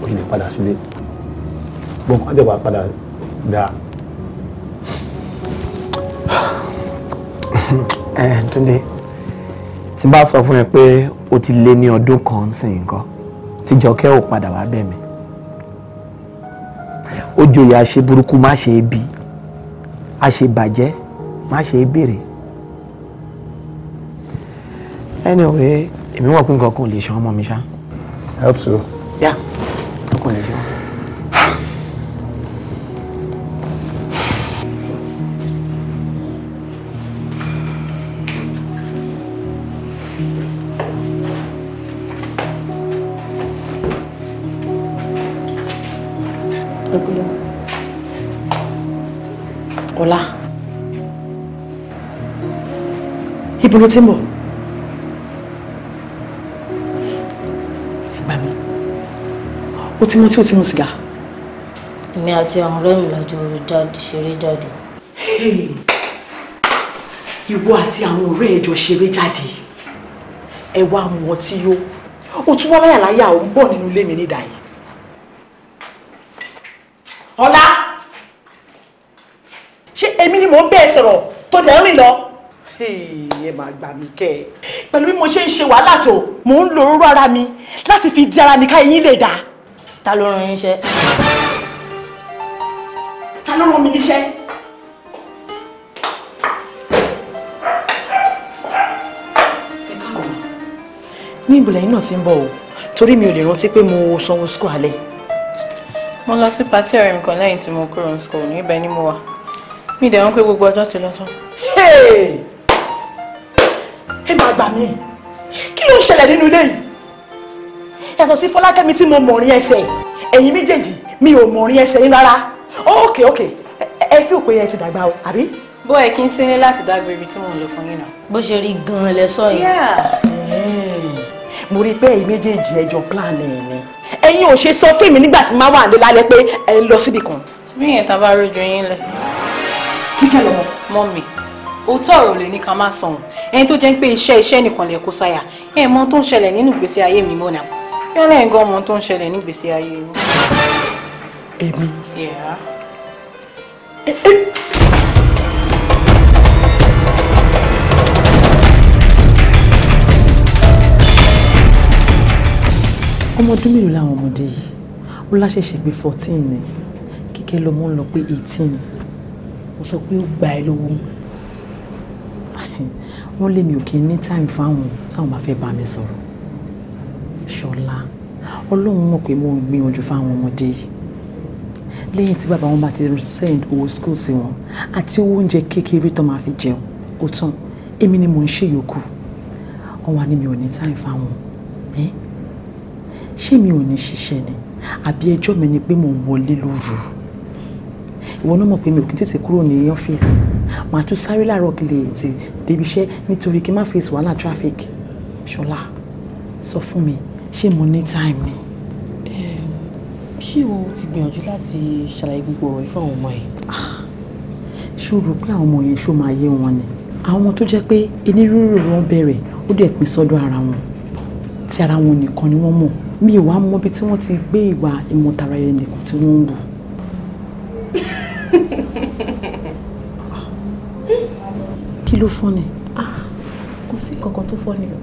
ó sì lè padà sílé gbọ́n kọ́ àjẹwà padà dáa. Túndé tí bá sọ fún ẹ pé o ti lé ní ọdún kan sí nǹkan tí jọkẹ́ ò padà wá bẹ̀ mí ó àṣe burúkú má ṣe é bí àṣe bàjẹ́ má ṣe é béèrè anyway èmi wọ̀ pé nǹkan kan ò lè ṣan ọmọ mi ṣá. help so. yeah nǹkan kan ò lè ibo ló ti ń bọ̀. ẹgbà mi o ti mọ tí o ti mọ sìgá. èmi àti àwọn ọ̀rẹ́ mi lájọ jáde ṣeré jáde. ìwọ àti àwọn ọ̀rẹ́ ẹ jọ ṣeré jáde ẹ wá mu ọtí yó o tún wá láyà láyà ò ń bọ̀ nínú ilé mi nídàá yìí. ọlá ṣé èmi ni mò ń bẹ́ẹ̀ sọ̀rọ̀ máa gbà mí kẹ́ ẹ. pẹ̀lú bí mo ṣe ń ṣe wàhálà tó mò ń lo orúkọ ara mi láti fi di ara mi ká eyín lè dá. ta ló rán yín iṣẹ́. ta ló rán mi níṣẹ́. ní ìbùlẹ̀ yìí náà ti ń bọ̀ o torí mi ò lè rántí pé mo sanwó school alẹ́. mo lọ sí pàtí ọ̀rẹ́ mi kan lẹ́yìn tí mo kúrò ní school ní ni mo wà mi dẹ̀ pé gbogbo ọjọ́ ti lọ tán ẹ máa gbà mí kí ló ń ṣẹlẹ̀ nínú ilé yìí yàtọ̀ sí fọlákẹ́mi tí mo mọ̀rin ẹsẹ̀ ẹ̀yin méjèèjì mi ò mọ̀rin ẹsẹ̀ yín rárá ókè ókè ẹ fi òpin ẹ ti dàgbà o àbí. bó ẹ kí n sí ní láti dágbé ibi tí mò ń lọ fún yín náà. bó ṣe rí gan-an lẹ́sọ̀ yìí. mo rí i pé ẹ̀yin méjèèjì ẹjọ́ plan ẹ̀ ni ẹ̀yin ò ṣe sọ fún mi nígbà tí máa wà ní lálẹ́ pé ẹ lọ síbì kan. bí yẹn ta bá rojú yín lẹ. kíkẹ́ lọ́mọ. mọ́ mi òótọ́ ọ̀rọ̀ lè ní ká má sọ̀hún ẹni tó jẹ́ ń pé iṣẹ́ iṣẹ́ nìkan lè kó sáyà ẹ mọ tó ń ṣẹlẹ̀ nínú ìgbésí ayé mi mọ́nà yọ́lẹ̀ ń gan mọ tó ń ṣẹlẹ̀ ní ìgbésí ayé mi. èmi. ọmọ ọdún mélòó làwọn ọmọdé yìí ó láṣẹ̀ṣẹ̀ pé fourteen ni kíkẹ́ lọ́mọ ń lọ pé eighteen mo sọ pé ó gbà ẹ́ lówó mu wọ́n lé mi ò kí ní time fáwọn táwọn bá fẹ́ bá mi sọ̀rọ̀ ṣọlá ọlọ́run mọ̀ pé mo ń gbìyànjú fáwọn ọmọdé yìí lẹ́yìn tí bàbá wọn bá ti send owó school sí wọn àti owó oúnjẹ kékeré tó máa fi jẹun ó tán èmi ni mò ń ṣe yòókù wọn wà ní mi ò ní time fáwọn ṣé mi ò ní ṣiṣẹ́ ni àbí ẹjọ́ mi ni pé mò ń wọlé lóru ìwọ náà mọ̀ pé mi ò kí n tètè kúrò ní ọ́fíìsì màá tún sáré láàárọ̀ kí lè ti débi iṣẹ́ nítorí kí n má face wàhálà traffic ṣọlá sọ fún mi ṣé mo ní time ni. ṣé o ti gbìyànjú láti ṣàlàyé gbogbo ọ̀rọ̀ ìfọ̀ àwọn ọmọ yẹn. ṣó rò pé àwọn ọmọ yẹn ṣó máa yé wọn ni àwọn ọmọ tó jẹ́ pé onírúurú wọn bẹ̀rẹ̀ ó dẹ̀ pín sọ́dọ̀ ara wọn tí ara wọn nìkan ni wọ́n mọ̀ mi ò wá mọ̀ bí tí wọ́n ti gbé ìwà ìmọ̀tara ẹni nìkan tí wọ́n ń wù ló fọ́ ni. Ah, kò sí nǹkan kan tó fọ́ ni o.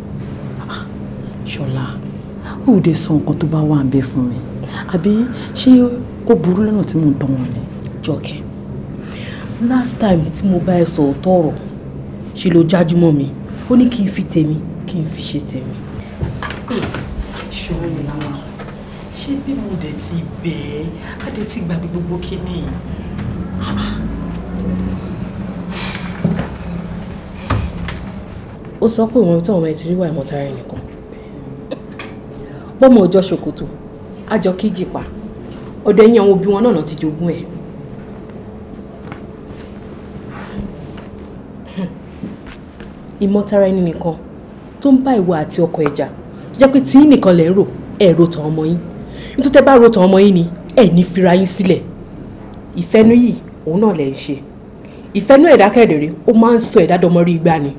Ah, ṣọlá ó ò dé sọ nǹkan tó bá wà ń bẹ fún mi àbí ṣé ó burú lọ́nà tí mò ń tọ́ wọn ni. jọkẹ́ last time tí mo bá ẹ sọ̀rọ̀ tọ̀rọ̀ ṣe ló jájú mọ́ mi ó ní kí n fi tèmi kí n fi ṣe tèmi. ṣọlá ṣé bí mo dẹ̀ ti bẹ̀ẹ́ á dẹ̀ ti gbàgbé gbogbo kí ni. ó sọ pé òun tóun ẹ̀ ti rí wà ìwọ̀n tara ẹ̀ nìkan bọ́mọ òjọ ṣòkòtò àjọ kíjì pa ọ̀dọ̀ ẹ̀yìn àwọn òbí wọn náà ti jogún ẹ̀. ìmọ̀tara ẹni nìkan tó ń bá ìwọ àti ọkọ ẹ̀jà jẹ́ pé tí nìkan lẹ̀ rò ẹ̀ ro tàn ọmọ yín nítorí tẹ́ bá ro tàn ọmọ yín ni ẹ̀ ní fira yín sílẹ̀ ìfẹ́nu yìí òun náà lẹ̀ ń ṣe ìfẹ́nu ẹ̀dá kẹ̀dẹ̀rẹ̀ ó máa ń sọ ẹ̀dá dọmọ gbá ni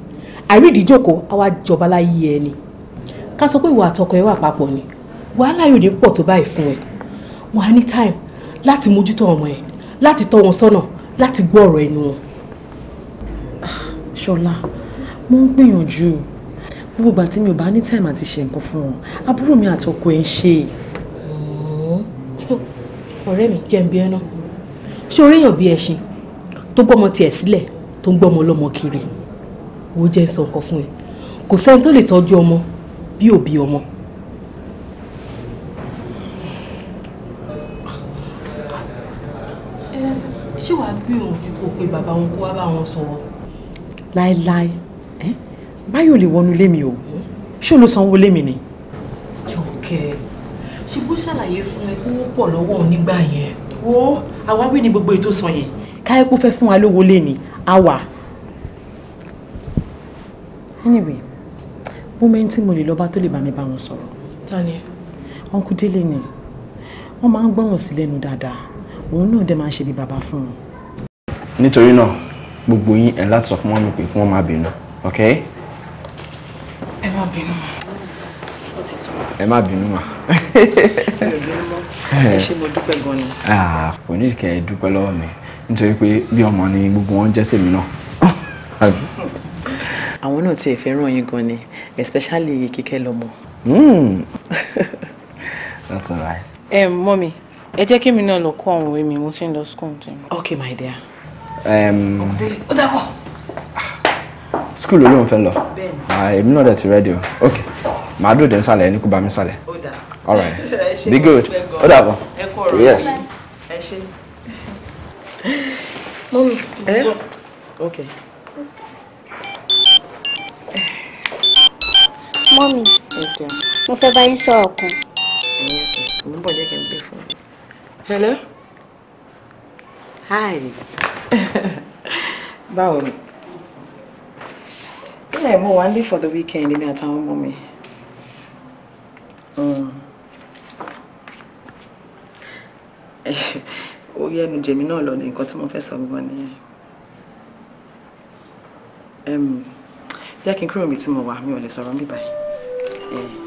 àìrídìí jókòó àwa jọba láyé ẹ ni ká sọ pé ìwà àtọkọ ẹ wà papọ̀ ni wàhálà yóò ní pọ̀ tó báyìí fún ẹ wọn á ní time láti mójútó ọmọ ẹ láti tọ́ wọn sọ́nà láti gbọ́ ọ̀rọ̀ ẹnu wọn. ṣọlá mo ń gbìyànjú gbogbo ìgbà tí mi ò bá ní time àti ṣe nǹkan fún wọn àbúrò mi àtọkọ ẹ ń ṣe. Hmm. ọ̀rẹ́ mi jẹ́ ń bí ẹ náà ṣé oríyàn bí ẹṣin tó gbọ́mọ tiẹ̀ sílẹ̀ tó ń gbọ́mọ lọ́mọ kiri wò ó jẹ́ sọ nǹkan fún ẹ kò sẹ́ni tó lè tọ́jú ọmọ bí òbí ọmọ. ṣé wàá gbìyànjú kó pe bàbá wọn kó wá bá wọn sọ̀rọ̀. láéláé báyọ̀ lè wọnú ilé mi o ṣé o ló sanwó lé mi ni. jọkẹ́ ṣe bó ṣàlàyé fún ẹ kó pọ̀ lọ́wọ́ nígbà yẹn. wo àwáwí ni gbogbo ètò sàn yẹn káyọ̀ pé ó fẹ́ fún wa lówó lé ni a wà anyway moment tí mo lè lọ bá tó lè bá mi bá wọn sọ̀rọ̀. ta ni. ọ̀nkú délé ni wọ́n máa ń gbọ́ràn sí lẹ́nu dáadáa òun náà dẹ̀ máa ń ṣe bí bàbá fún un. nítorí náà gbogbo yín ẹ̀ láti sọ fún wọn pé kí wọ́n má bínú Binu, ẹ má bínú ma ó ti tó. ẹ má bínú ma. ẹ ṣé mo dúpẹ́ gan ni. Ah, kò ní mi nítorí pé bí ọmọ ni gbogbo wọn jẹ́ sèmi náà. àwọn náà tiẹ̀ fẹ́ràn yín gan ni especially kíkẹ́ lọ́mọ. Hmm. that's all right. um, mọ́mi ẹ jẹ́ kí mi náà lọ kó àwọn òwe mi mo ti ń lọ school tó ok my dear. Um. ọ̀dẹ́lẹ̀ ó dàbọ̀. school ló ló ń fẹ́ lọ ah, èmi náà dẹ̀ ti rẹ́dí o ok màá dùn dé nsàlẹ̀ ẹni kò bá mi sàlẹ̀ all right be good ó dàbọ̀ yes. mọ́mi. ok. Mami, mo fẹ́ bá yín sọ ọ̀kan. mo ń bọ̀ jẹ́ kí n fún mi. hello hi báwo ni ẹ mo wà nílé for the weekend ní àtàwọn ọmọ mi. ó yẹnu jèmi náà lọ ní nǹkan tí mo fẹ́ sọ gbogbo nìyẹn jẹ́ kí n kúrò níbi tí mo wà mi ò lè sọ̀rọ̀ níbàyìí. Yeah.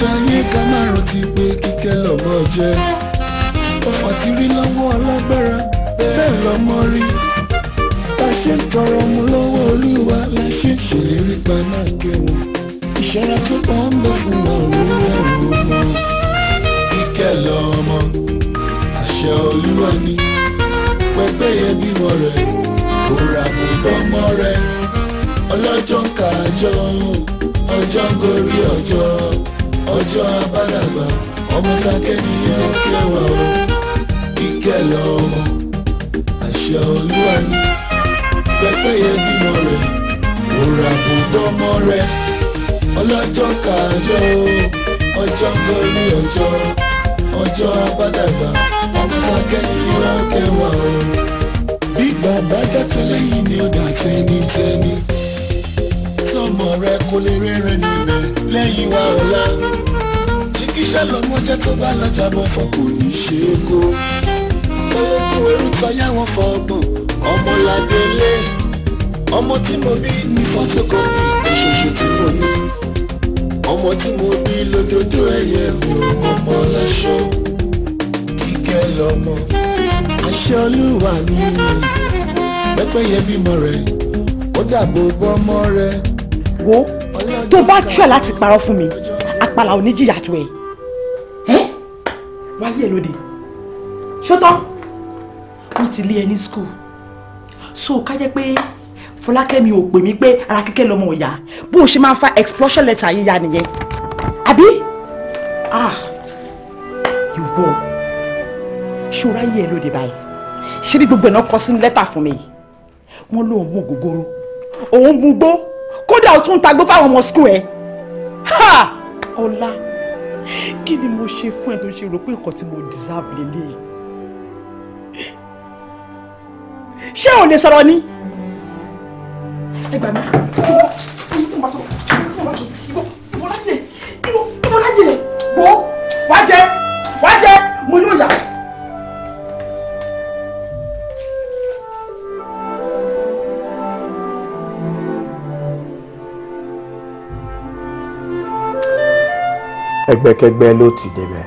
ṣayé ká má rántí pé kíkẹ́ lọ́mọ jẹ́ ọfà ti rí lọ́wọ́ alágbára bẹ́ẹ̀ lọ́mọ rí bá ṣe ń tọrọ mu lọ́wọ́ olúwa la ṣe ṣèlérí pa náà kẹwọn ìṣẹ́ra tó bá ń lọ fún wọn lórí ẹ̀wọ̀n ọmọ kíkẹ́ lọ́mọ àṣẹ olúwa ni pẹ́pẹ́ yẹ bímọ rẹ̀ kò rà kó gbọ́mọ ọlọ́jọ́ ń kà ọjọ́ ń gorí ọjọ́ ọjọ́ abádàgbà ọmọ takẹ́ni yóò kẹwàá o kíkẹ́ lọ ọmọ àṣẹ olúwa ni pẹ́pẹ́yẹ bímọ rẹ̀ òràbù bọ́mọ rẹ̀ ọlọ́jọ́ kájọ o ọjọ́ gorí ọjọ́ ọjọ́ abádàgbà ọmọ takẹ́ni yóò kẹwàá o bí bàbá jáde lẹ́yìn ni ó dà tẹ́nitẹ́ni ọmọ rẹ kó lè rere níbẹ̀ lẹ́yìn wa ọ̀la jíkíṣẹ́ lọ́mọ jẹ́ tó bá lọ jábọ̀ fọ kò ní ṣe é kó ológun orúkọ yáwọn fọgbọ̀n ọmọládélé ọmọ tí mo bí ní fọ́tòkọ́pì ìṣoṣo tí mo ní ọmọ tí mo bí lódodo ẹ̀yẹ o ọmọ láṣọ kíkẹ́ lọ́mọ àṣẹ olúwa mi pẹ́pẹ́yẹ bímọ rẹ̀ ó dàbò bọ́mọ rẹ̀ wo tó bá tíọ̀ láti parọ́ fún mi àpàlà ò ní jìyà tó ẹ̀ wáyé lóde ṣótọ́ wọ́n ti lé ẹ ní school so ká jẹ́ pé fọlákẹ́mi ò pè mí pé ara kíkẹ́ lọ́mọ ọ̀yà bó o ṣe máa ń fa explosion letter yíya nìyẹn àbí ah ìwọ ṣọ́ra yẹ lóde báyìí ṣé bí gbogbo ẹ̀ náà kọ sínú lẹ́tà fún mi wọ́n lóun mú ògógóró òun mú gbó kódà ó tún ń tagbó fáwọn ọmọ skul ẹ ha ọlá kí ni mo ṣe fún ẹ tó ṣe rò pé nǹkan tí mo deserve lélẹyìí ṣé o lè sọ̀rọ̀ ni ẹ gbà mí. ẹgbẹ́kẹgbẹ́ ló ti débẹ̀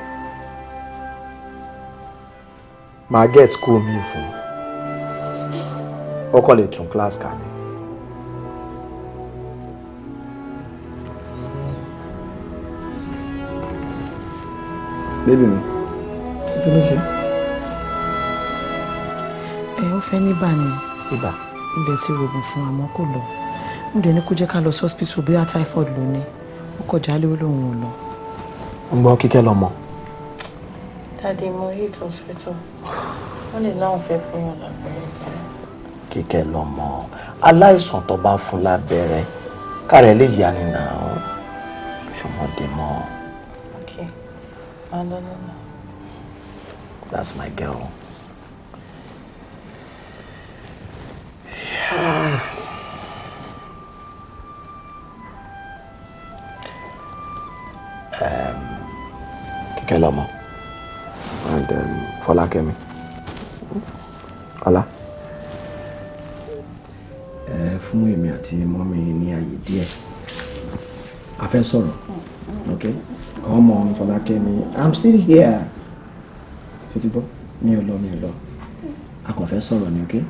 máa get school mi fún ó kàn lè tún class kà ní. bébì mi kí ló ṣe. ẹ ó fẹ́ níbà ni. ibà. ilẹ̀ ti rògùn fún àmọ́ kò lọ. ń dẹ̀ ní kó jẹ́ ká lọ sí bí a typhoid ló ní ó kọjá lé olóhùn ò lọ ń gbọ́ kíkẹ́ dadi mo hit hospital wọ́n lè láwọn fẹ́ fún yàn lábẹ́rẹ́. kíkẹ́ lọ́mọ aláìsàn tó bá fún lábẹ́rẹ́ kárẹ̀ lè yá ni nà ó ṣọmọdé mọ́. ok máa lọ lọ́nà. that's my girl. Fọlákẹ́ lọ́mọ and um, Fọlákẹ́mi. Ọlá. Ẹ fún èmi àti mọ́mí ní àyè die. I feel sorry. Okay? Come on Fọlákẹ́mi. I'm still here. Fetí gbọ́, mi ò lọ, mi ò lọ. A kàn ni, okay?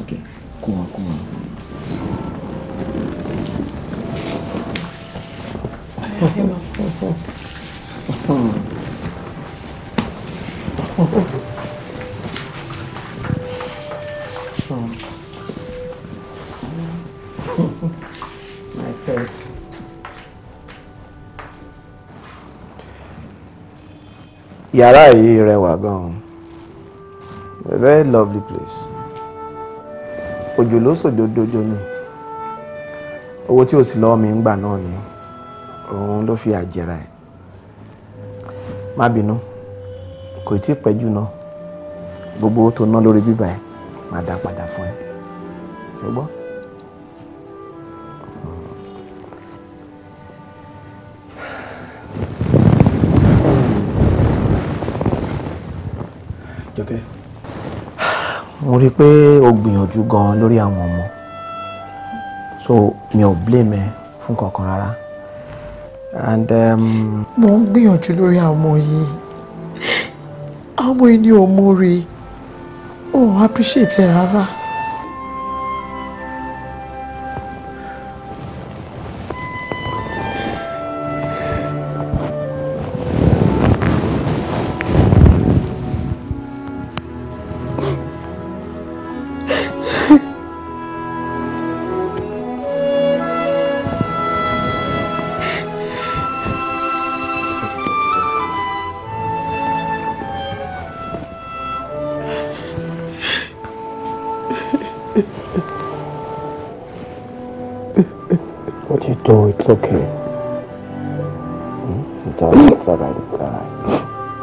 Okay, Come on. kó wọn. Thank you. yàrá yìí rẹwà gan-an a very lovely place òjò ló sòjò dojo ni owó tí o sì lọ́wọ́ mi ń gbà náà ni òun ló fi àjẹrà ẹ̀ má bínú kò tí ì pẹ́jù náà gbogbo owó tó ná lórí bíbá ẹ̀ máa dá padà fún ẹ ṣùgbọ́n. pé o gbìyànjú gan lórí àwọn ọmọ so mi ò blame ẹ fún kankan rárá and. Um, mo ń gbìyànjú lórí àwọn ọmọ yìí àwọn ọmọ yìí ni ò mú rí i appreciate ẹ rárá. No, it's okay. Hmm? It's alright, it's alright, it's alright.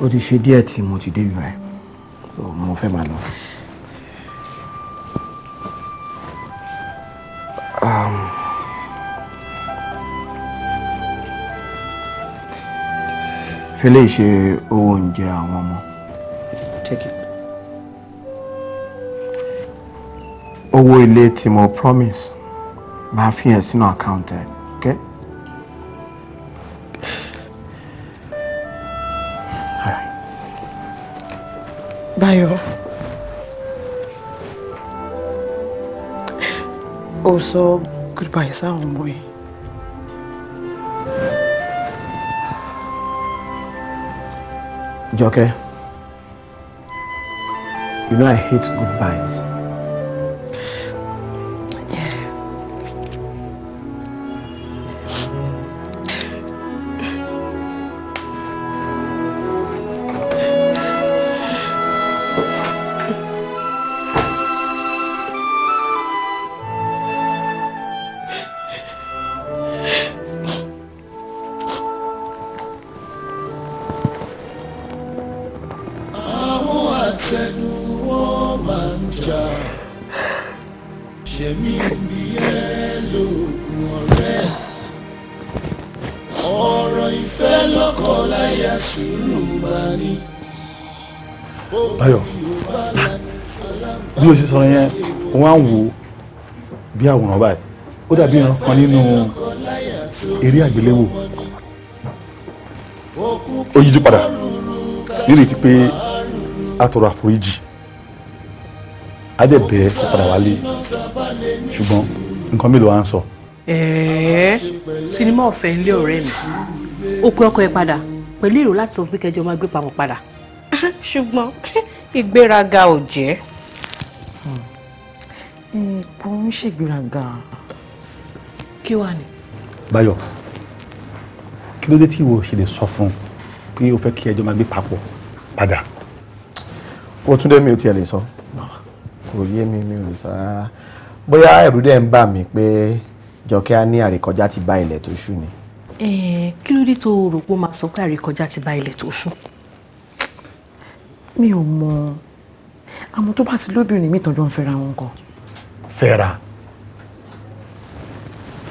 ó ti ṣe díẹ̀ tí mo ti débi báyìí mo fẹ́ máa lọ. fẹ́lẹ́ um, ṣe owó oúnjẹ àwọn ọmọ. owó ilé tí mo promise máa fi hàn sínú àkáǹtì ẹ̀ okay. Báyọ̀ ó sọ goodbye sáwọn ọmọ yìí. Jọkẹ́, you know I hate goodbyes. ó dàbí ẹran kan nínú eré àgbéléwò ó yíjú padà nírètí pé a tọrọ àforíjì a dẹ̀ bẹ́ẹ̀ kó padà wálé ṣùgbọ́n nǹkan mélòó à ń sọ. ẹ̀ẹ́ sinimá ọ̀fẹ́ ilé ọ̀rẹ́ mi ó pe ọkọ ẹ padà pẹ̀lú èrò láti sọ pé kẹjọ máa gbé papọ̀ padà. ṣùgbọ́n ìgbéraga ò jẹ́. kò hmm. ń ṣègbéraga kí wàá ni. Báyọ̀ kí ló dé tí ìwọ ṣe lè sọ fún un pé o fẹ́ kí ẹjọ́ máa gbé papọ̀ padà. wọ́n tún dé mi ò tiẹ̀ lè sọ kò yé mi mi ò lè sọ rárá bóyá ẹ̀rù dẹ̀ ń bà mí pé jọkẹ́ á ní àrékọjá ti bá ilẹ̀ tó ṣú ni. kí ló dé tó o rò pé ó máa sọ pé àrékọjá ti bá ilẹ̀ tó ṣú mi ò mọ̀ àmọ́ tó bá ti lóbìnrin mi tọ́jú ń fẹ́ra wọn kan. fẹ́ra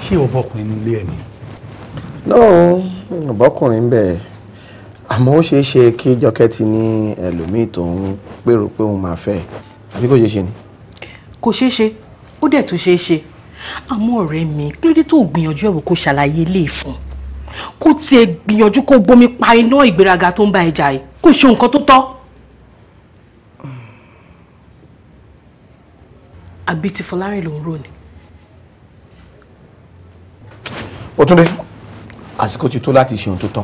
ṣé ìwọ bọkùnrin nílé ẹ ni. náà bọkùnrin bẹ́ẹ̀ àmọ́ ó ṣeé ṣe kí jọkẹ́ ti ní ẹlòmíì tó ń pèrò pé òun máa fẹ́ àbí kò ṣeé ṣe ni. kò ṣeé ṣe ó dẹ̀ tún ṣeé ṣe àmọ́ ọ̀rẹ́ mi kí tó gbìyànjú ẹ̀wò kó ṣàlàyé lè fún kó tiẹ̀ gbìyànjú kó gbomi pa iná ìgbéraga tó ń bá ẹja yìí kó ṣe nǹkan tó tọ́. àbí ti Fọlárìn ló ń rò ni. ó tún dé àsìkò ti tó láti ṣe ohun tó tán.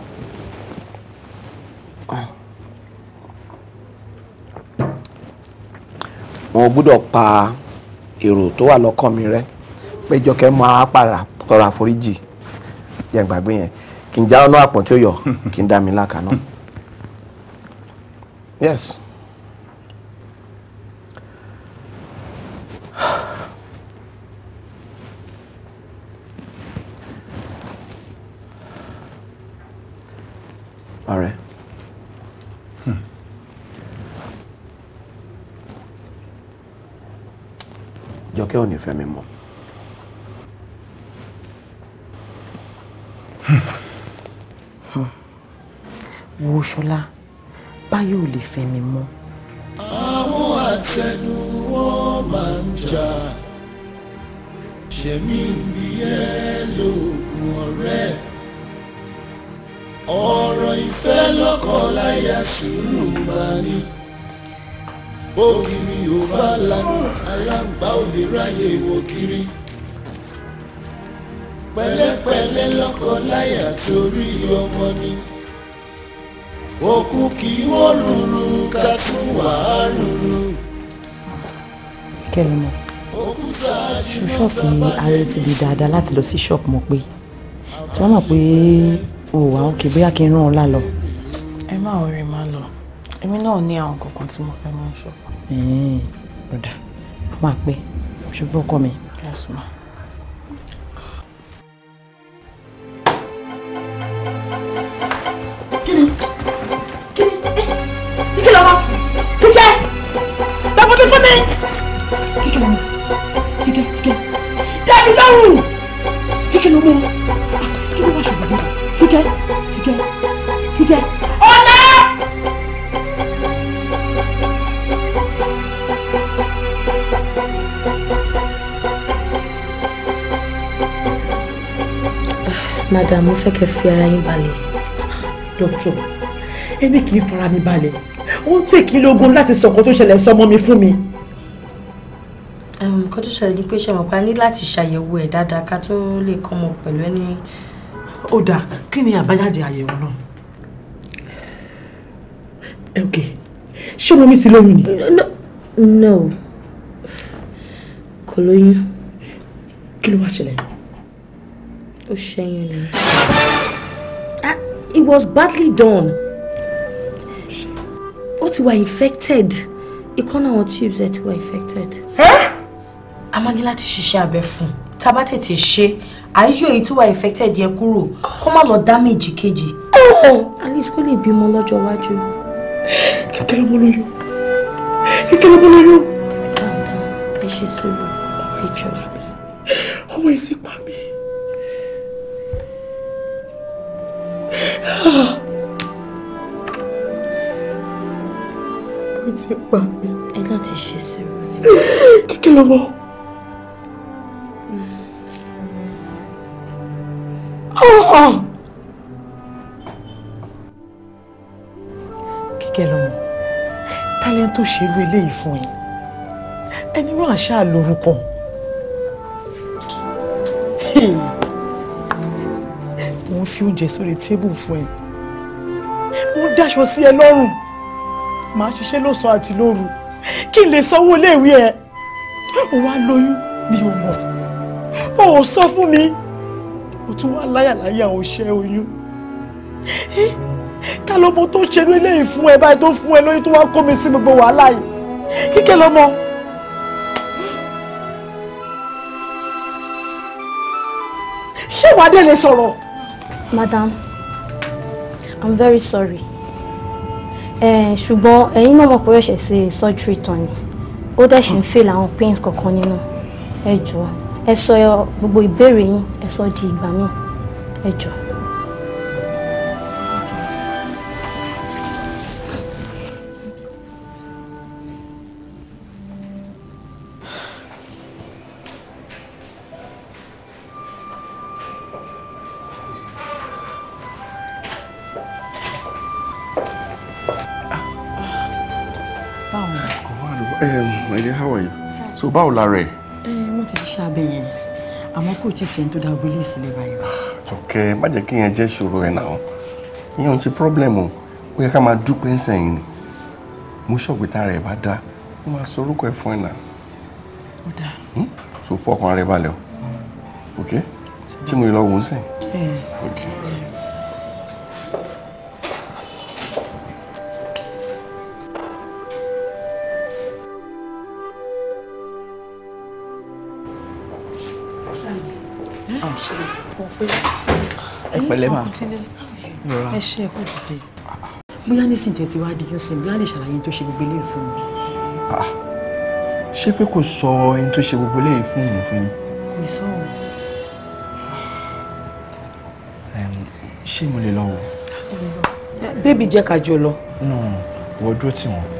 wọn gbọ́dọ̀ pa èrò tó wà lọ́kàn mi rẹ́ pé máa para tọrọ àforíjì yẹn gbàgbé yẹn kì í já ọ́nà àpọ̀n tí ó yọ kì í dá mi lákàánú. Hmm. yes. Ààrẹ. Jọkẹ́ ò ní fẹ́ mi mọ́. Wo Ṣọlá, Báyọ̀ ò lè fẹ́ mi mọ́. Àwọn àtẹnu wọn máa ń jà. Ṣèmi ń bí ẹ lóògùn ọ̀rẹ́ mi ọ̀rọ̀ ìfẹ́ lọ́kọláya sùúrù máa ní bógiri ò bá lanu aláǹgbá ò ráyè wò kiri pẹ̀lẹ́pẹ̀lẹ́ lọ́kọláya torí ọmọ ni òkú kì í wó rúru ká tún wà á rúru. kẹlẹ mọ ṣùṣọ́ọ̀fù ayé ti di dáadáa láti lọ sí ṣọ́ọ̀pù mọ̀ pé tí wọ́n mọ̀ pé o wa òkè bóyá kí n rán ọ lá lọ. ẹ má ọ̀rẹ́ má lọ èmi náà ní àwọn kankan tí mo fẹ́ mú ṣọ. rọ̀dà máa pẹ́ ṣùgbọ́n ọkọ mi. yẹ́sùn máa. Kiki ló mú. Kiki ah, ló wá ṣùgbọ́n kíkẹ́ kíkẹ́ kíkẹ́ ọ̀la. madam mo fẹ́ kẹ́ fi ara yín balẹ̀. dókítà ẹni kì í fara mi balẹ̀ ó ń tèkí lógún láti sọ nǹkan tó ṣẹlẹ̀ sọmọ mi fún mi nǹkan tó ṣẹlẹ̀ ni pé ṣe mọ̀ pa ní láti ṣàyẹ̀wò ẹ̀ dáadáa ká tó lè kọ́mọ pẹ̀lú ẹni. ó dáa kí ni àbájáde àyẹ̀wò náà. ok ṣé ọmọ mi ti lóyún ni. no no kò lóyún. kí ló wá ṣẹlẹ̀. ó ṣẹ́yún ni. Ah, it was badly done. ó ti wà infected ìkọ́nà àwọn tubes ẹ̀ ti wà infected. ẹ́ a máa ní láti ṣiṣẹ́ abẹ fún un tá a bá tètè ṣe àyíyọ èyí tó wà infected yẹ kúrò kó má lọ damage kejì. Oh! alice kò lè bímọ lọ́jọ́ iwájú. kékeré mo lóyún kékeré mo lóyún. calm down ẹ ṣe sùúrù ẹ jọ. ọmọ yìí pa mí. ọmọ yìí pa mí. ẹ náà ṣe sùúrù. kékeré ọmọ. ṣerú eléyìí fún yín ẹni náà àṣà lórúkọ wọ́n hmm. fi oúnjẹ sórí tébù fún ẹ wọ́n dáṣọ sí ẹ lọ́rùn màá ṣiṣẹ́ lọ́sàn àti lóru kí n lè sanwó iléèwé ẹ ó wá lóyún mi ò mọ̀ ó sọ fún mi ó tún wá láyàláyà ó oyún ká lọmọ tó ṣerú eléyìí fún ẹ báyìí tó fún ẹ lóyún tó wá kó mi sí gbogbo wàhálà yìí kíkẹ́ lọmọ. ṣé wàá dé lè sọ̀rọ̀. madam i'm very sorry ṣùgbọ́n ẹ̀yin náà mọ̀ pé ó ṣẹ̀ ṣe surgery tán ni ó dẹ̀ ṣe ń fail àwọn pains kankan nínú ẹ jọ̀ọ́ ẹ sọ gbogbo ìbéèrè yín ẹ sọ di ìgbà míì ẹ jọ̀ọ́. so báwo la rẹ̀. ẹ wọ́n ti ṣiṣẹ́ abẹ yẹn àmọ́ kò tí ì sẹ́ni tó dá gbélé sílẹ̀ báyìí. Jọkẹ́ má jẹ́ kí yẹn jẹ́ ìṣòro ẹ̀ náà ìyẹn ò ti pírọ́blẹ̀mù ó yẹ ká máa dúpẹ́ ń sẹ́yìn ni mo ṣọ̀gbìtà rẹ̀ bá dá ó máa sọ orúkọ ẹ̀ fún ẹ̀ náà. ó dáa. Hmm? so fọkàn rẹ balẹ̀ o ok ṣé mo lè lọ wò ó sẹ́yìn. ok. pẹ̀lẹ́ ma ẹ ṣe ẹ̀kọ́ dìde bóyá nísìnyí tẹ̀ ti wá di nísìnyí bóyá lè ṣàlàyé tó ṣe gbogbo eléyìí fún mi. Ah, ṣé pé kò sọ ohun tó ṣe gbogbo eléyìí fún mi fún yín. kò sọ o. ṣé mo lè lọ wò. bébì jẹ́ ká lọ. wọ́n dúró tì wọ́n.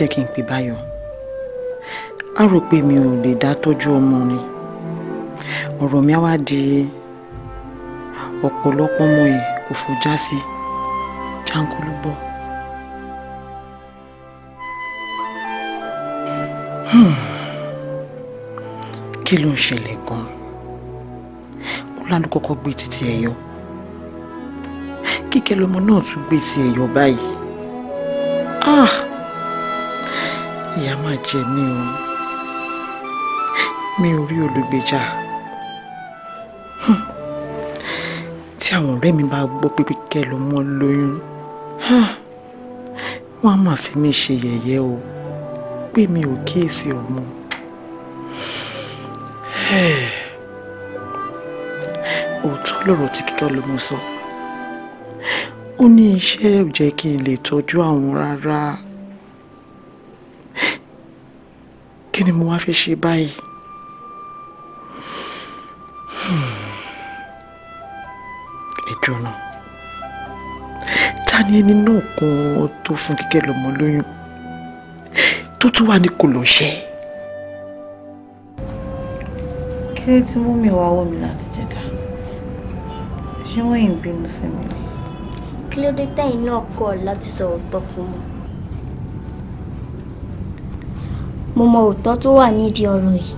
jẹ́ kí n pè báyọ̀ á rò pé mi ò lè dá tọ́jú ọmọ ni ọ̀rọ̀ mi á wá di ọ̀pọ̀lọpọ̀ ọmọ ẹ̀ òfò já sí jáńkólú bọ̀. Hmm. kí ló ń ṣẹlẹ̀ gan-an ó lálùkọ́kọ́ gbé títí ẹ̀ yọ kíkẹ́ lọmọ náà tún gbé tí ẹ̀ yọ báyìí. má jẹ mí o mi ò rí olùgbèjà tí àwọn ọ̀rẹ́ mi bá gbọ́ pé kíkẹ́ ló mọ́ lóyún wọ́n á máa fi mí ṣe yẹ̀yẹ́ o pé mi ò kíyèsí ọmọ òótọ́ lọ̀rọ̀ tí kíkẹ́ ló mọ́ sọ ó ní iṣẹ́ ò jẹ́ kí n lè tọ́jú àwọn rárá. mo wá fẹ́ ṣe báyìí. Hmm. ẹjọ́ náà ta ni ẹni náà kan tó fún kíkẹ́ lọ́mọ lóyún tó tún wà ní kò lọ ṣẹ́. kí ló tí mú mi wá wọ́ mi láti jẹta ṣé wọ́n yìí ń bínú sí mi. kí ló dé tẹ́yìn náà kọ̀ láti sọ òótọ́ fún mi. mo mọ òótọ́ tó wà nídìí ọ̀rọ̀ yìí.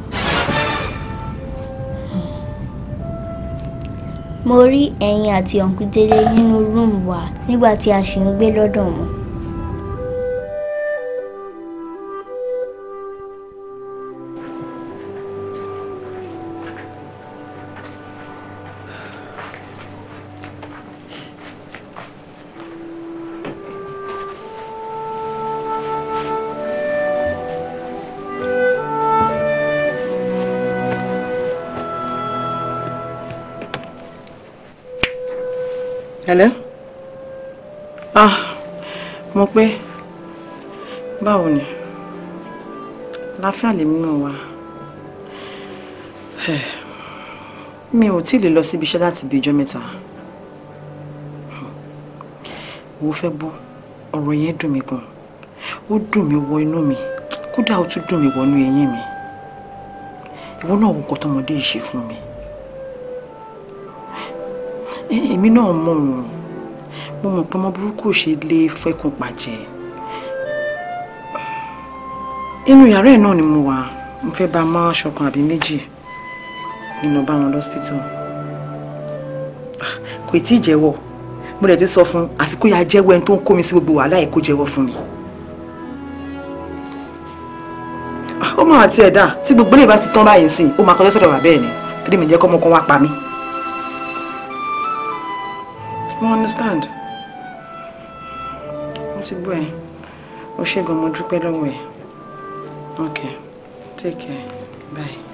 mo rí ẹ̀yin àti ọ̀nkú délé nínú rúùmù wa nígbà tí a ṣì ń gbé lọ́dọ̀ wọn. báwo ni láfíà lèmi náà wà mi ò tí ì lè lọ síbi iṣẹ́ láti bí ijọ́ mẹ́ta wo fẹ́ gbọ́ ọ̀rọ̀ yẹn dùn mí gan ó dùn mí wọ inú mi kódà ó tún dùn mí wọnú eyín mi ìwọ náà wo nǹkan tọmọdé yìí ṣe fún mi èmi náà mọ̀ wọn mo mọ̀ pé ọmọ burúkú ò ṣe lé fẹ́kùn pàjẹ́ inú yàrá ẹ̀ náà ni mo wà mo fẹ́ bá má ṣọkan àbí méjì nínú bá wọn lọ́sípítọ̀ kò tí ì jẹ́wọ́ mo dẹ̀ ti sọ fún àfi kó yá jẹ́wọ́ ẹni tó ń kó mi sí gbogbo wàhálà ẹ̀ kó jẹ́wọ́ fún mi. Ah, ó máa ti ẹ̀dá tí gbogbo lè bá ti tán báyìí sí ó máa kọjọ́ sọ́dọ̀ wà bẹ́ẹ̀ ni torí mi jẹ́ kọ́ ọmọkan wá pa mí. mo understand mo ti gbọ́ ẹ o ṣe gan mo dúpẹ́ lọ́wọ́ ẹ̀. Okay. Take care. Bye.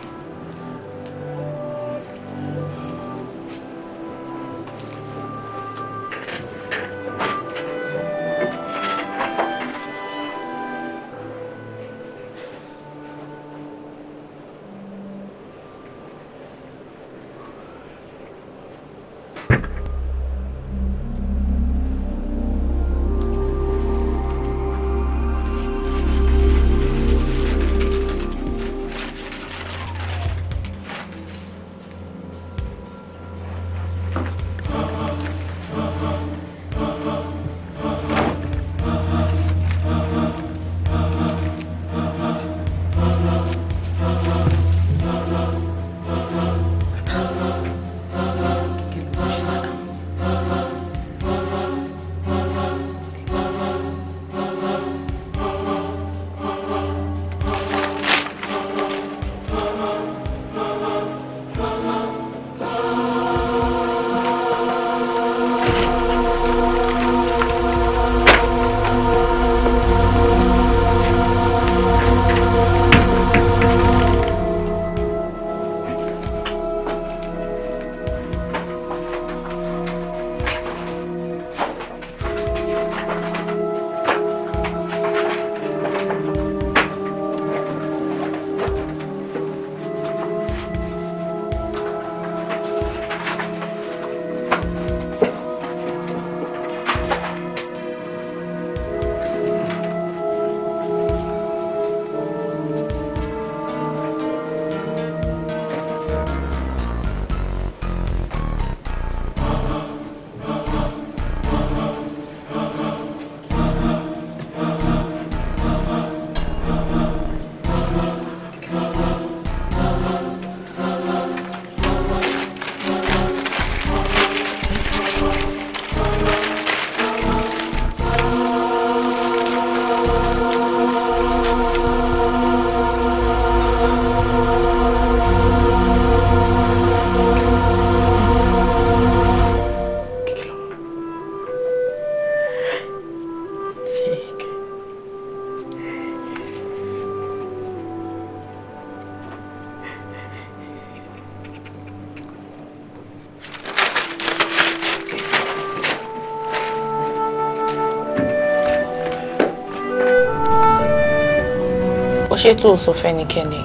ṣé tó sọ fẹ́nikẹ́ni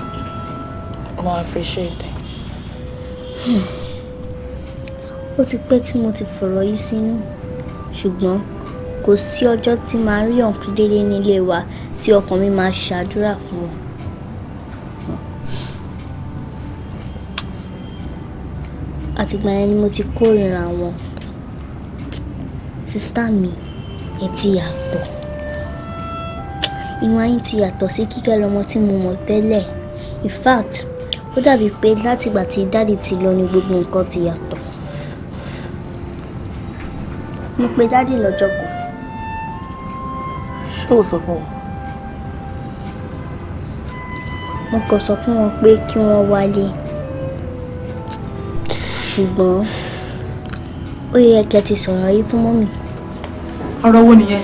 mo appreciate it. ó ti pẹ́ tí mo ti fọ̀rọ̀ yìí sínú ṣùgbọ́n kò sí ọjọ́ tí màá rí ọ̀nkú délé nílé wa tí ọkàn mi máa ṣàdúrà fún wọn. àtìgbà yẹn ni mo ti kórìíra wọn sísítà mi ẹ ti yàgò ìwà yín ti yàtọ̀ sí Kíkẹ́ lọ́mọ tí mo mọ̀ tẹ́lẹ̀ in fact ó dàbí pé látìgbà tí dáàdì ti lọ ni gbogbo nǹkan ti yàtọ̀ mo pe dáàdì lọ́jọ́ kan. ṣé o sọ fún wọn. mo kàn sọ fún wọn pé kí wọ́n wálé ṣùgbọ́n ó yẹ kí ẹ ti sọ̀rọ̀ yìí fún mọ́mì. ọ̀rọ̀ wo nìyẹn.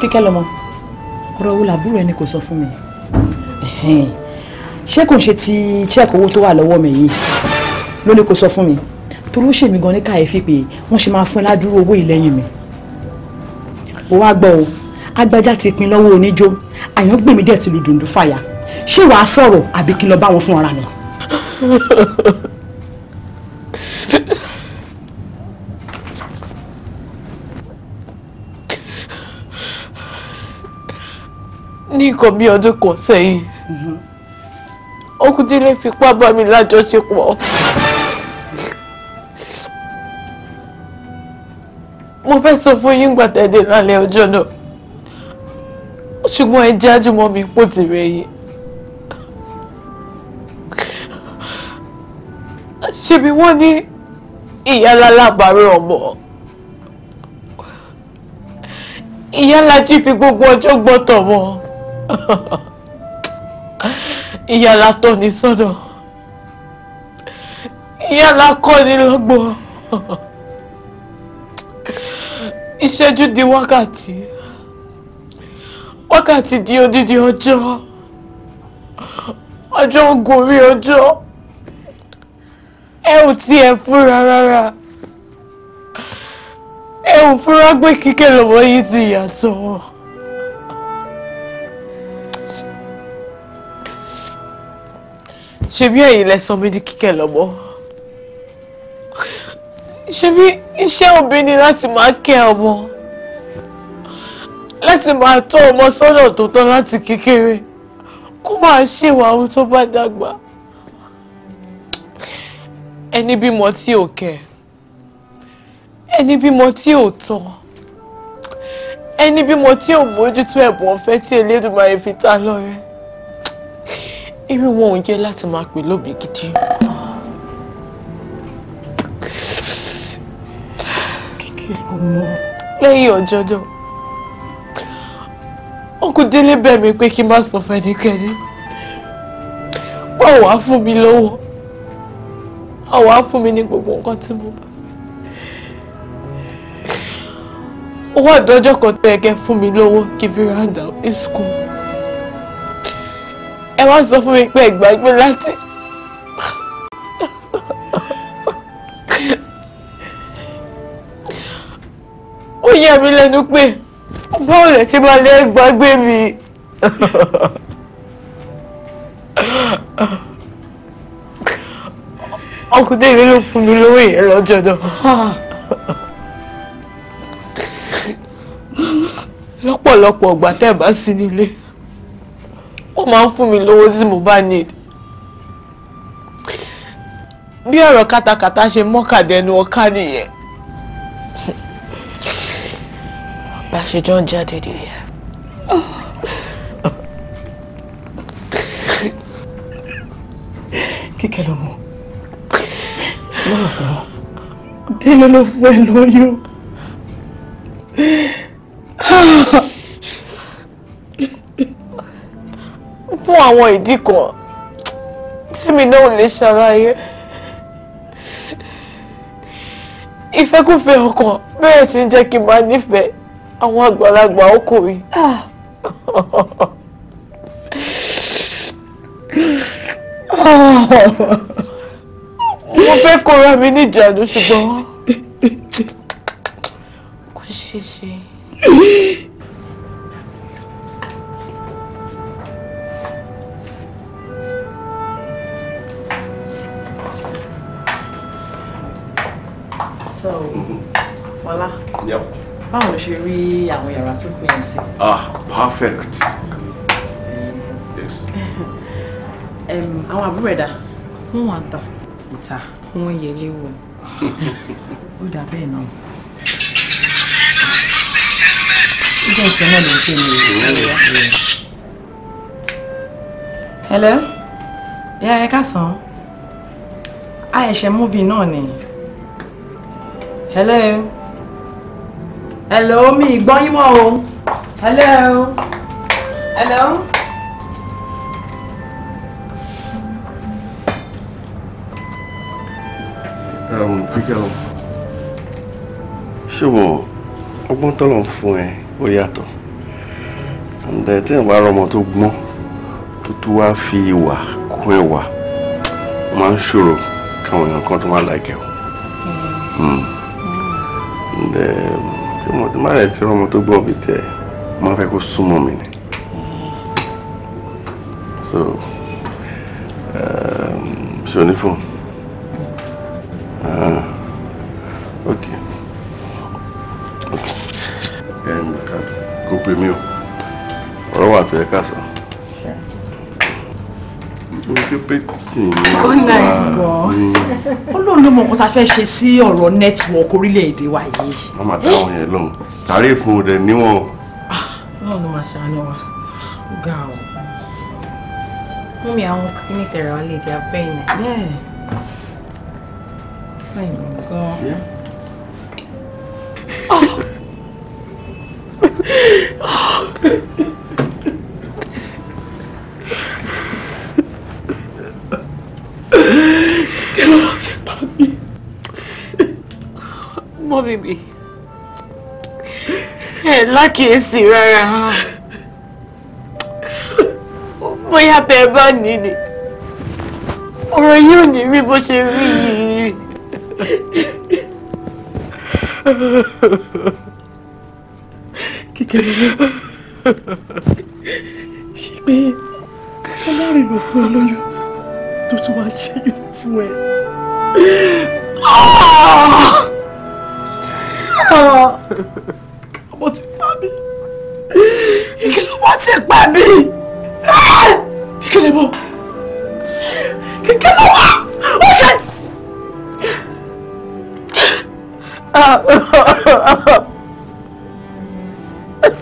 kíkẹ́ lọ́mọ ọ̀rọ̀ wo làbúrò ẹni kò sọ fún mi ṣé kò ń ṣe ti check owó tó wà lọ́wọ́ mi yìí ló ní kò sọ fún mi torí ó ṣèmi gan ní kàyéfì pé wọ́n ṣe máa fún ẹ ládùúrú owó ìlẹ́yìn mi ó wá gbọ́ o agbájá ti pin lọ́wọ́ oníjó àyàn gbèmí dẹ̀ ti lu dùndún fàyà ṣé wàá sọ̀rọ̀ àbí kí n lọ bá wọn fún ara mi. nǹkan bí ọdún kan sẹ́yìn Ògúndélé fipá bá mi lájọṣepọ̀ mo fẹ́ sọ fún yín gbàtẹ́dẹ́ lálẹ́ ọjọ́ náà ṣùgbọ́n ẹ jájú mọ́ mi pò tì rẹ̀ yìí ṣebí wọ́n ní ìyálálàbàárọ̀ ọmọ ìyálàjì fi gbogbo ọjọ́ gbọ́tọ̀ mọ́. ìyá látọ̀ ní sọ́nà ìyá lákọ́ ní lọ́gbọ̀n ìṣẹ́jú di wákàtí wákàtí di odidi ọjọ́ ọjọ́ ń gorí ọjọ́ ẹ ò tiẹ̀ fúnra rárá ẹ ò fúnra pé kíkẹ́ lọ́wọ́ yìí ti yàtọ̀. ṣebí ẹ̀yin lẹ sọ mí ní kíkẹ́ lọ́mọ ṣebí iṣẹ́ òbí ni láti máa kẹ́ ọmọ láti máa tọ́ ọmọ sọ́nà tó tọ́ láti kékeré kó máa ṣèwà ohun tó bá dàgbà ẹni bímọ tí ò kẹ́ ẹni bímọ tí ò tọ́ ẹni bímọ tí ò mójútó ẹ̀bùn ọ̀fẹ́ tí Elédùmarè fi ta lọ́rẹ irú wọn ò jẹ́ láti máa pè lóbi gidi. kíkẹ́ ọmọ. lẹ́yìn ọjọ́ náà ọkùn délé bẹ̀ mí pé kí n má sọ fẹ́nikẹ́ni wọ́n wàá fún mi lọ́wọ́ wọ́n wàá fún mi ní gbogbo nǹkan tí mo bá fẹ́ owó àdójọ́ kan tó yẹ kẹ́ fún mi lówó kí fi round out in school ẹ wá sọ fún mi pé ẹ gbàgbé láti. ó yà mí lẹ́nu pé báwo lẹ ṣe máa lẹ́ gbàgbé mi. ọkùnrin mi ló fún mi lówó yẹn lọ́jọ́ náà. lọ́pọ̀lọpọ̀ ọgbà tẹ́ ẹ bá sí nílé ó máa ń fún mi lówó tí mo bá need bí ọ̀rọ̀ kátàkátà ṣe mọ́kàdẹ́nu ọ̀ká nìyẹn bá ṣe jọ ń jáde nìyẹn. kíkẹ́ ló lọ́wọ́ délé ló fún lóyún. fún àwọn ìdí kan tèmi náà lè ṣàlàyé ìfẹ́kùfẹ́ ọkàn bẹ́ẹ̀ sì ń jẹ́ kí n máa nífẹ̀ẹ́ àwọn àgbàlagbà ọkùnrin. mo fẹ́ kóra mi níjànú ṣùgbọ́n kò ṣeé ṣe. so Fọlá báwo ló ṣe rí àwọn yàrá tó pín in sí. ah perfect. yes. àwọn àbúrò ẹ̀dá. wọ́n wà tà. ìta. wọ́n yẹlé wò. ó dà bẹ́ẹ̀ náà. Hello? Hello? Yeah, ẹ káàsán. A ẹ̀ṣẹ̀ múvi náà ni hello hello me, gbọ́ yín mọ́ o hello hello. kíkẹ́ o ṣé wo ọgbọ́n tọ́lọ̀ ń fún ẹ ó yàtọ̀ ǹdẹ tí ìwà ọmọ tó gbọ́n tó tún wá fi ìwà kún ẹwà máa ń ṣòro káwọn èèyàn kan tó máa láìkẹ́ o. Hmm. Hmm tí mo má rẹ̀ ti rọmọ tó gbọ́n bíi tẹ̀ máa fẹ́ kó súnmọ́ mi ni so ṣe o ní fóònù ah, ok kò pè mí o ọ̀rọ̀ wà tó yẹ sọ orí oh, ó nice gan olóòlù mọ̀ nǹkan tá a fẹ́ ṣe sí ọ̀rọ̀ network orílẹ̀-èdè wa yìí. wọ́n máa dáhùn yẹn lọ́hùn tàrí fún ọdẹ níwọ̀n. Ah, náà ló máa ṣàánú wa ó ga ọ mú mi àwọn kíní tẹ̀rẹ̀ wá lè di abẹ́ ìnà. fine gan. mọ́mí mi ẹ lákìíyèsí rárá bóyá tẹ ẹ bá ní ni ọ̀rọ̀ yìí ò ní rí bó ṣe rí yìí. kékeré ṣe pé ọlọ́run ló fún ọ tó tún wá ṣẹ́yún fún ẹ. 啊！Ah! Kábọ̀ ti pa mí. Ìkìlọ̀ bọ́ ti pa mí. Ìkìlọ̀ ah! bọ́. Ìkìlọ̀ bọ́. Ó ṣe.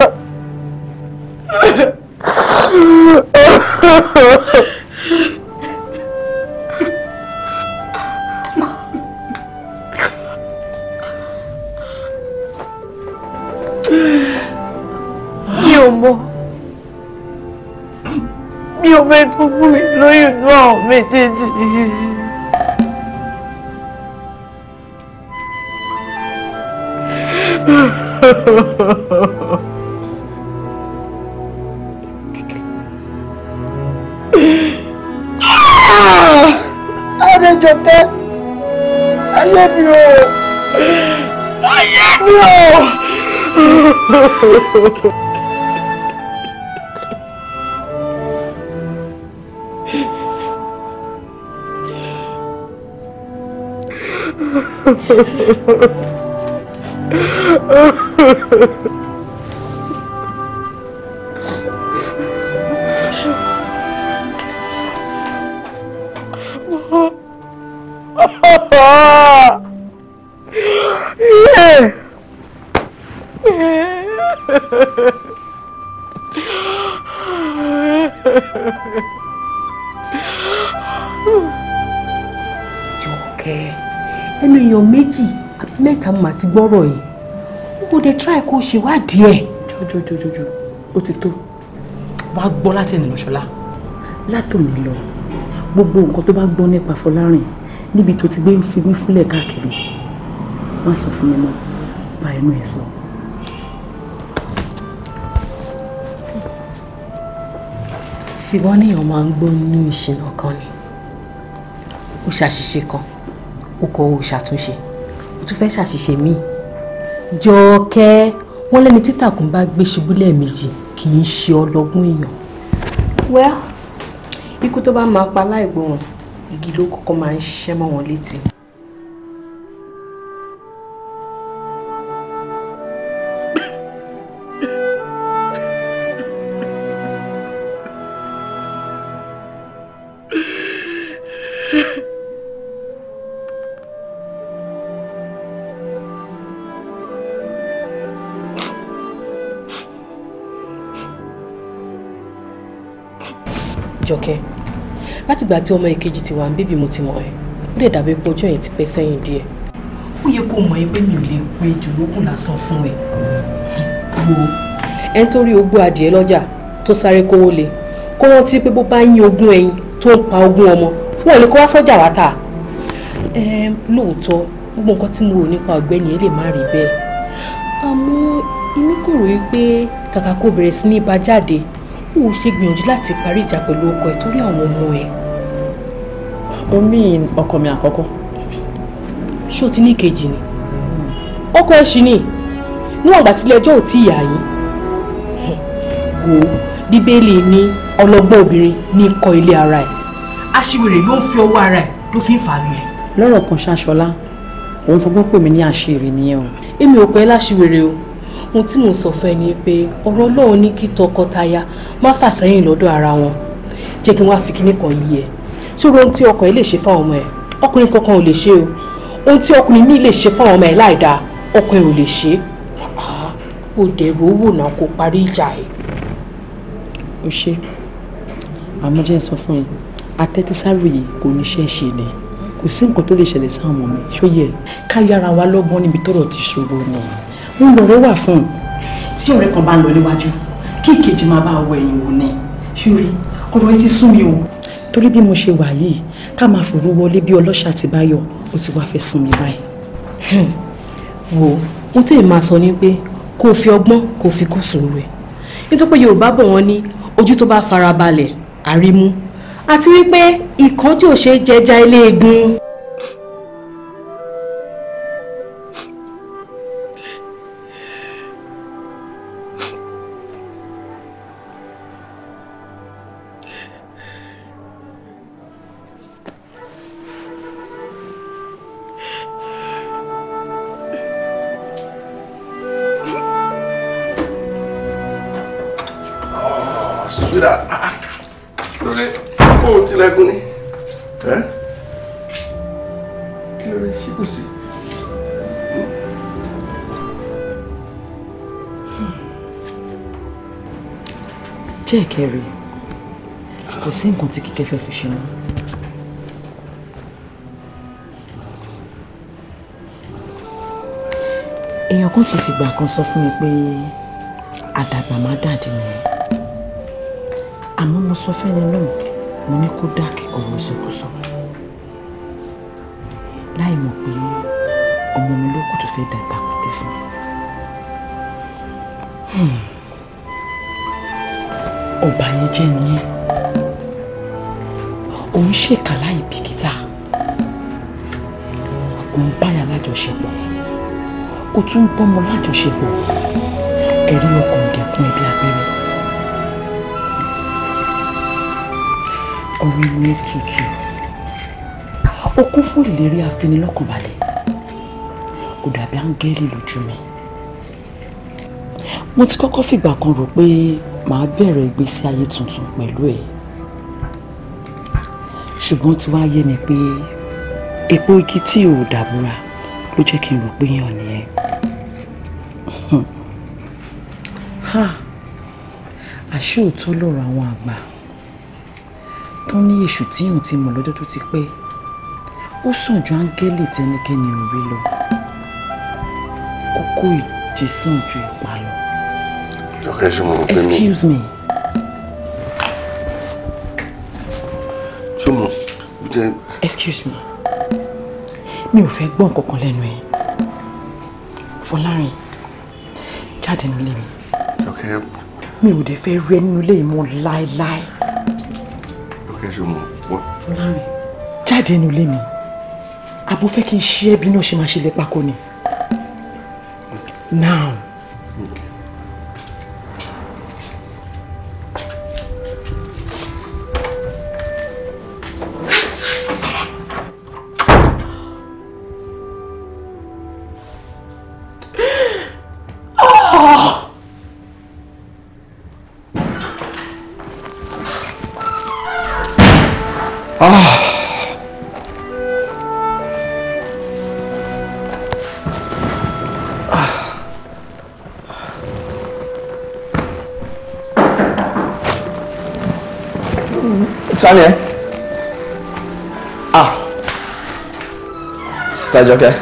Ah. méjèèjì. Ah! Adéjọkẹ́ ayé mi o ayé Ha ha ha ha ha! gbọ́rọ̀ yìí ó dẹ̀ try kó ṣèwádìí ẹ̀. jọjọjọjọjọ ó ti tó wá gbọ́ láti ẹnu lọ́ṣọ́lá. látòmí lọ gbogbo nǹkan tó bá gbọ́ nípa Fọlárìn níbi tó ti gbé ń fi mí fúnlẹ̀ káàkiri wọ́n sọ fún mi mọ́ bá ẹnu ẹ̀ sọ. sì wọ́n níyàn máa ń gbọ́ nínú ìṣìnà kan ni ó ṣàṣìṣe kan ó kọ̀ ó ṣàtúnṣe tún fẹ́ ṣàṣìṣe mi jọ̀ọ́kẹ́ wọ́n lẹ́ni títàkùn bá gbé ṣubú lẹ́ẹ̀mejì kì í ṣe ọlọ́gbọ́n èèyàn. well ikú tó bá máa pa láìgbọràn igi ló kọ́kọ́ máa ń ṣẹ́ mọ́ wọn létí. jọkẹ́ látìgbà tí ọmọ ìkejì ti wà ń bíbí mo ti mọ̀ ẹ́ ó lè dàbí pé ọjọ́ yẹn ti pẹ́ sẹ́yìn díẹ̀. ó yẹ kó mọ̀ ẹ́ pé mi ò lè pe jòlógún lásán fún ẹ. wo ẹ ń torí ogún adìẹ lọ́jà tó sáré kówó le kó rántí pé bó bá yín ogún ẹyin tó ń pa ogún ọmọ wọn ò lè kó wá sọ́jà wá tà. ẹ lóòótọ́ gbogbo nǹkan tí mo rò nípa ọ̀gbẹ́ni ẹ lè má rí bẹ́ẹ̀ àmọ́ èmi kò rò wípé kàkà kó bẹ̀rẹ̀ sí ní ibà jáde o ṣe gbìyànjú láti parí ìjà pẹ̀lú ọkọ ẹ̀ torí àwọn ọmọ ẹ̀. omi ọkọ mi àkọ́kọ́. ṣé o ti ní ìkejì ni hmm. ọkọ ẹ̀ ṣì ni níwọ̀n ìgbà tílé ẹjọ́ ò tí ì yà yín. wo bíbélì ní ọlọ́gbọ́n obìnrin ní kọ́ ilé ara ẹ̀ aṣiwèrè ló ń fi ọwọ́ ara ẹ̀ ló fi ń fà lulẹ̀. lọ́rọ̀ kan ṣaṣọlá òun fọgbọ́n pè mí ní àṣírí nìyẹn o. èmi ò pẹ́ láṣiwèrè o ohun tí mò ń sọ fún ẹ ni pé ọ̀rọ̀ Ọlọ́run ní kí tọkọtaya má fà sẹ́yìn lọ́dọ̀ ara wọn jẹ́ kí wọ́n á fi kíní kan yí ẹ tí ohun tí ọkọ ẹ lè ṣe fáwọn ọmọ ẹ ọkùnrin kankan ò lè ṣe o ohun tí ọkùnrin míì lè ṣe fáwọn ọmọ ẹ láì dáa ọkọ ò lè ṣe ó dẹ̀rù owó náà kó parí ìjà ẹ. o ṣe àmọ́ sọ fún ẹ atẹ́tísáròyè kò ní ṣe é ṣe ni kò sí nǹkan tó lè ṣẹlẹ̀ sáwọn ọmọ mi ṣó yẹ ká yára wa lọ́gbọ́n níbi tọ́rọ̀ ti ṣòro náà ń lọ rẹ wà fún un tí ọ̀rẹ́ kan bá ń lọ níwájú kí ìkejì máa bá wọ ẹ̀yìn wò ni ṣúrí ọ̀rọ̀ yìí ti sún mi o. torí bí mo ṣe wà yìí ká máa fòrú wọlé bí ọlọ́ṣà ti bá yọ ó ti wá fẹ́ sún mi báyìí. Hmm. wo ohun tí èèmà sọ ni pé kó fi ọgbọ́n kó fi kó sùúrù rẹ̀ nítorí pé yorùbá bọ̀ wọ́n ní ojú tó bá fara àrímú àti wípé ìkánjú ò ṣe é jẹja eléegun. kíkẹ́ rí kò sí nǹkan tí kíkẹ́ fẹ́ fi ṣe mọ́. èèyàn kan ti fìgbà kan sọ fún mi pé àdàgbà má dàdí nìyẹn àmọ́ mo sọ fẹ́ni náà mo ní kó dákẹ́ ọ̀rọ̀ ìsọkúsọ láì mọ̀ pé ọmọ mi ló kù tó fẹ́ dàgbà kò fún mi. Hmm ọba yẹn jẹ́ nìyẹn òun ṣèkà láì bìkítà òun báyà lájọṣepọ̀ ó tún bọ́mọ lájọṣepọ̀ ẹ̀rí ọkàn dẹ̀kun ẹbí abẹ́rẹ́ ọ̀rọ̀ ìwé tutù ó kún fún ìlérí afinilọ́kànbalẹ̀ ó dàbí áńgẹ́lì lójú mi mo ti kọ́kọ́ fìgbà kan rò pé màá bẹ̀rẹ̀ ìgbésí ayé tuntun pẹ̀lú ẹ̀ ṣùgbọ́n tí wàá yé mi pé epo igi tí ò dàbúra ló jẹ́ kí n rò pé yàn nìyẹn. àṣé òótọ́ lọ̀rọ̀ àwọn àgbà tó ní èṣù tí òun ti mọ̀ lọ́jọ́ tó ti pẹ́ ó sàn ju áńgẹ́lì tẹnikẹ́ni ò rí lọ ó ìjẹsàn ju ìpa ẹ ṣe excuse me. ṣé mo excuse me mi ò fẹ́ gbọ́ nǹkan kan lẹ́nu ẹ̀ Fọlárin jáde nílé mi. okay. mi ò dé fẹ́ rí ẹ nínú ilé yìí mọ́ láéláé. okay ṣe mo wọ́n. Fọlárin jáde nílé mi àbò fẹ́ kí n ṣe ẹ́ bí náà ṣe máa ṣe lè ni now. Àjọkẹ́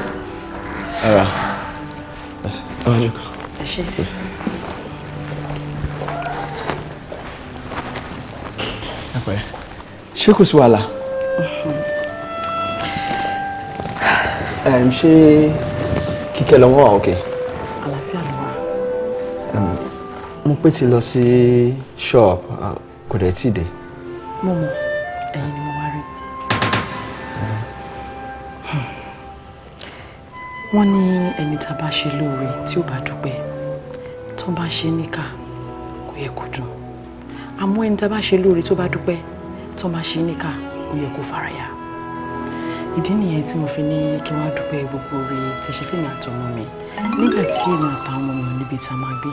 ara ẹ ṣe. ṣé kò sí wàhálà. ṣé kíkẹ́ lọ́wọ́ wa òkè. àlàáfíà ló wà. mo pé ti lọ sí ṣọ́ọ̀bù kò dẹ̀ tí ì dé. mo mọ̀. ṣe lóore tí ò bá dúpẹ́ tán bá ṣe níkà kò yẹ kó dùn àmọ́ ẹni tá bá ṣe lóore tó bá dúpẹ́ tán bá ṣe níkà kò yẹ kó faraya ìdí nìyẹn tí mo fi ní kí wọ́n dúpẹ́ gbogbo oore tẹ̀sífìmì àtọmọ mi nígbà tí èmi àtàwọn ọmọ mi níbi tá a máa gbé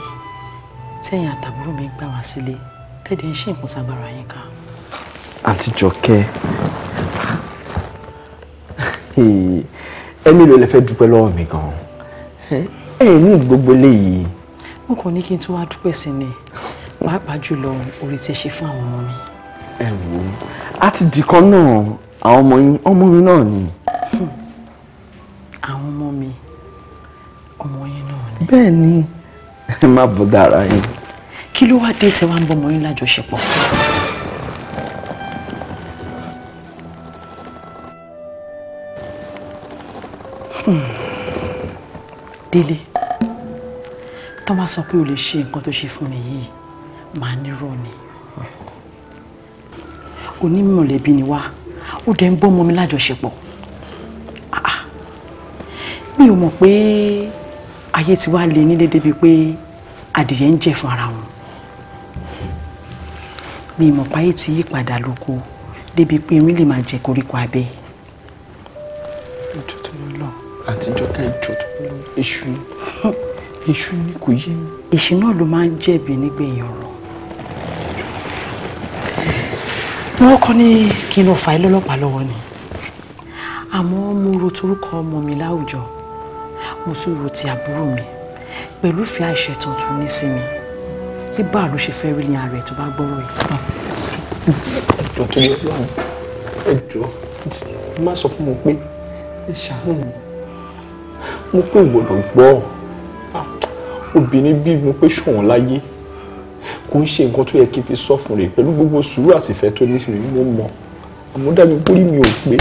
tẹ̀yìn àtàbúrò mi gbà wá sílé tẹ̀dẹ̀ ń ṣe nǹkan sábàrà yín ká. àti jọkẹ́ ẹni ló lè fẹ́ dúpẹ́ lọ́wọ́ mi gan-an ẹ ní gbogbo léyìí. mo kàn ní kí n tún wáá dúpẹ́ sí ni pàápàá jùlọ orí ti ṣe fún àwọn ọmọ mi. ẹ wò ó a ti di kan náà àwọn ọmọ yín ọmọ mi náà ni. Hmm. àwọn ọmọ mi ọmọ yín náà ni. bẹ́ẹ̀ ni ẹ má bọ́ dára yín. kí ló wáá dé tẹ wá ń bọ́ ọmọ yín lájọṣepọ̀. Hmm délé tó máa sọ pé o lè ṣe nǹkan tó ṣe fún mi yìí màá nírọ̀ ni onímọ̀lẹ́bí ni wá ó dẹ̀ ń bọ́ ọmọ mi lájọṣepọ̀ ah, ah. mi ò mọ̀ pé ayé ti wá le nílé débi pé adìyẹ ń jẹ fún ara wọn mi ò mọ̀ pé ayé ti yí padà lóko débi pé mi lè máa jẹ koríko abẹ́ àtijọ́ kẹjọ tó lọ èṣù ni èṣù ni kò yé mi. èṣù náà ló máa ń jẹ̀bi nígbẹ̀yìn ọ̀rọ̀. wọ́n kọ́ ní kí n lọ fà á lọ́lọ́pàá lọ́wọ́ ni àmọ́ mo ro torúkọ ọmọ mi láwùjọ mo tún ro ti àbúrò mi pẹ̀lú ìfẹ́ àìṣẹ̀tàn tó ní sí mi bí báà ló ṣe fẹ́ rí ní ara tó bá gbọ́rọ̀ yìí. ẹjọ́ tó yẹ lọ́rùn ẹjọ́ má sọ fún mi pé ẹ ṣàánú mi mo pé ìgbọ́dọ̀ gbọ́ ah, obìnrin bí mo pé ṣòwọ́n láyé kò ń ṣe nǹkan tó yẹ kí n fi sọ fún rẹ̀ pẹ̀lú gbogbo sùúrù àtìfẹ́ tó ní sí mi mo mọ̀ àmọ́ dàbí pé mi ò pé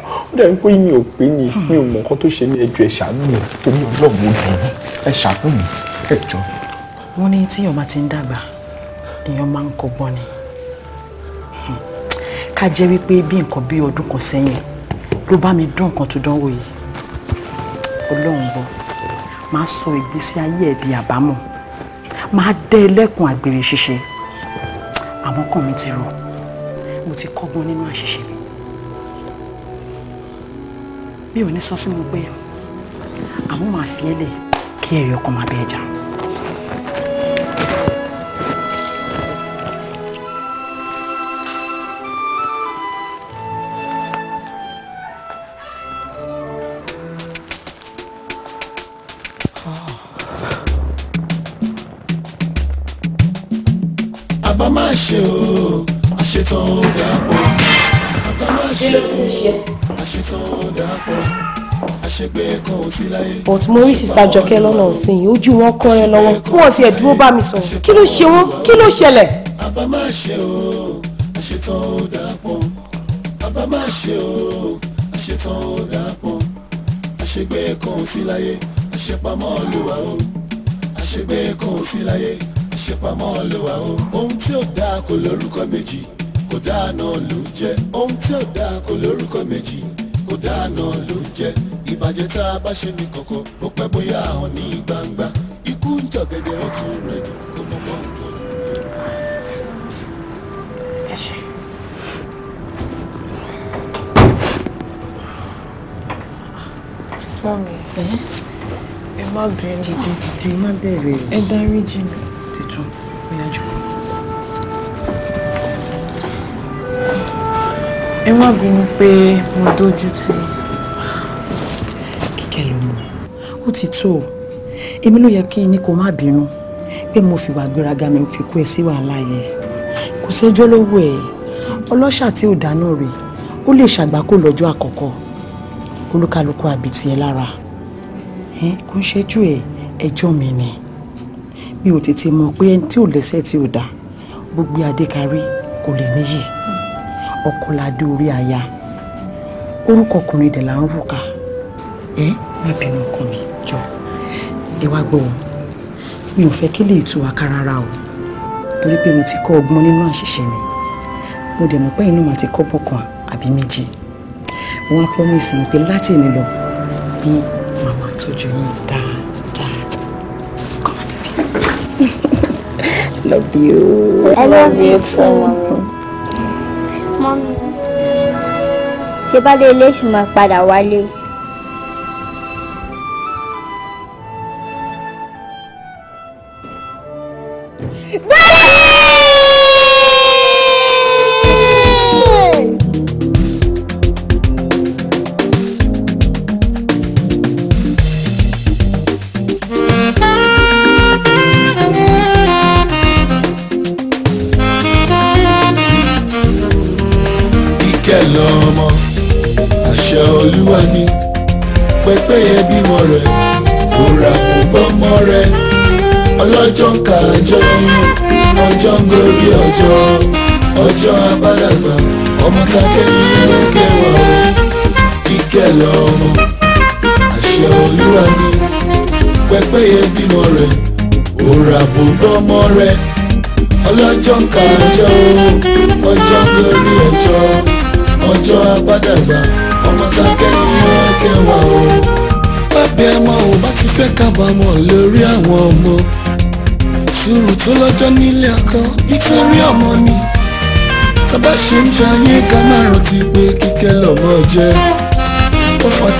ó dàbí pé mi ò pé ni mi ò mọ nǹkan tó ṣe ní ẹjọ́ ẹ ṣàánú mi torí ọlọ́run ó ẹ ṣàánú mi ẹ jọ̀ọ́. wọ́n ní tíyàn bá ti ń dàgbà èèyàn máa ń kọ́gbọ́n ni ká jẹ́ wípé bí nǹkan bí ọdún kan sẹ́yìn ló bá mi dán nǹkan tó dánwò yìí ọlọ́run gbọ́ máa sọ ìgbésí ayé ẹ̀ di àbámọ̀ máa dẹ́ ẹlẹ́kùn àgbèrè ṣíṣe àmọ́ kàn mí ti rò mo ti kọ́gbọ́n nínú àṣìṣe mi mi ò ní sọ fún mi pé àmọ́ màá fi ẹ́ lẹ̀ kí ẹ̀rí ọkàn máa bẹ ẹ̀ jà. but mo rí sista jọkẹ́ lọ́nà ọ̀sìn ojú wọn kọ́rẹ́ lọ́wọ́ wọn ti ẹ̀ dúró bá mi sọ̀rọ̀ kí ló ṣe wọn kí ló ṣẹlẹ̀. àbá máa ṣe o àṣetán ó dáa pọ̀ àbá máa ṣe o àṣetán ó dáa pọ̀ àṣegbé kan ò sí láyé àṣepamọ́ olúwa o àṣegbé kan ò sí láyé àṣepamọ́ olúwa o ohun tí ò dáa kò lórúkọ méjì kò dáa náà ló jẹ́ ohun tí ò dáa kò lórúkọ méjì kò dáa náà ló jẹ́ ìbàjẹ́ tá a bá ṣe ní kọ̀kọ̀ ó pẹ́ bóyá àwọn ní gbangba ikú ń jọ̀gẹ̀dẹ̀ ó tún rẹ̀ kó mọ̀ mọ́ nǹkan. ẹ ẹ má bẹ̀rẹ̀ dìde dìde má bẹ̀rẹ̀ ẹ dáríjì mi. titun bóyá jùlọ. ẹ má bínú pé mo dójú tì ó ti tó èmi ló yẹ kí n ní kó má bínú pé mo fìwà gbéraga mi fi kú ẹ sí wàhálà yìí kò sẹ́jọ́ lọ́wọ́ ẹ̀ ọlọ́ṣà tí ò dáná rèé ó lè ṣàgbákò lọ́jọ́ àkọ́kọ́ olúkálukú àbìtì ẹ lára kò ń ṣẹ́jú ẹ ẹjọ́ mi ni mi ò tètè mọ̀ pé ẹni tí ò lẹ́sẹ̀ tí ò dá gbogbo adékarí kò lè níyì ọkọládé orí aya orúkọ ọkùnrin dẹ̀ là ń rúkà ẹ má bínú ọkùnrin ẹ wá gbọ́ o mi ò fẹ́ kí lè tu wa kára rárá o torí pé mo ti kọ́ ọgbọ́n nínú àṣìṣe mi mo dẹ̀ mọ̀ pé inú màá ti kọ́ bọ̀kan àbí méjì wọ́n promise mi pé láti ìní lọ bí màmá tọ́jú yín dáadáa come on baby love you i love you too mọ́mí ṣe bá dé ilé ìṣùmọ̀ padà wálé. ṣayé ká má rántí pé kíkẹ́ lọ́mọ jẹ́.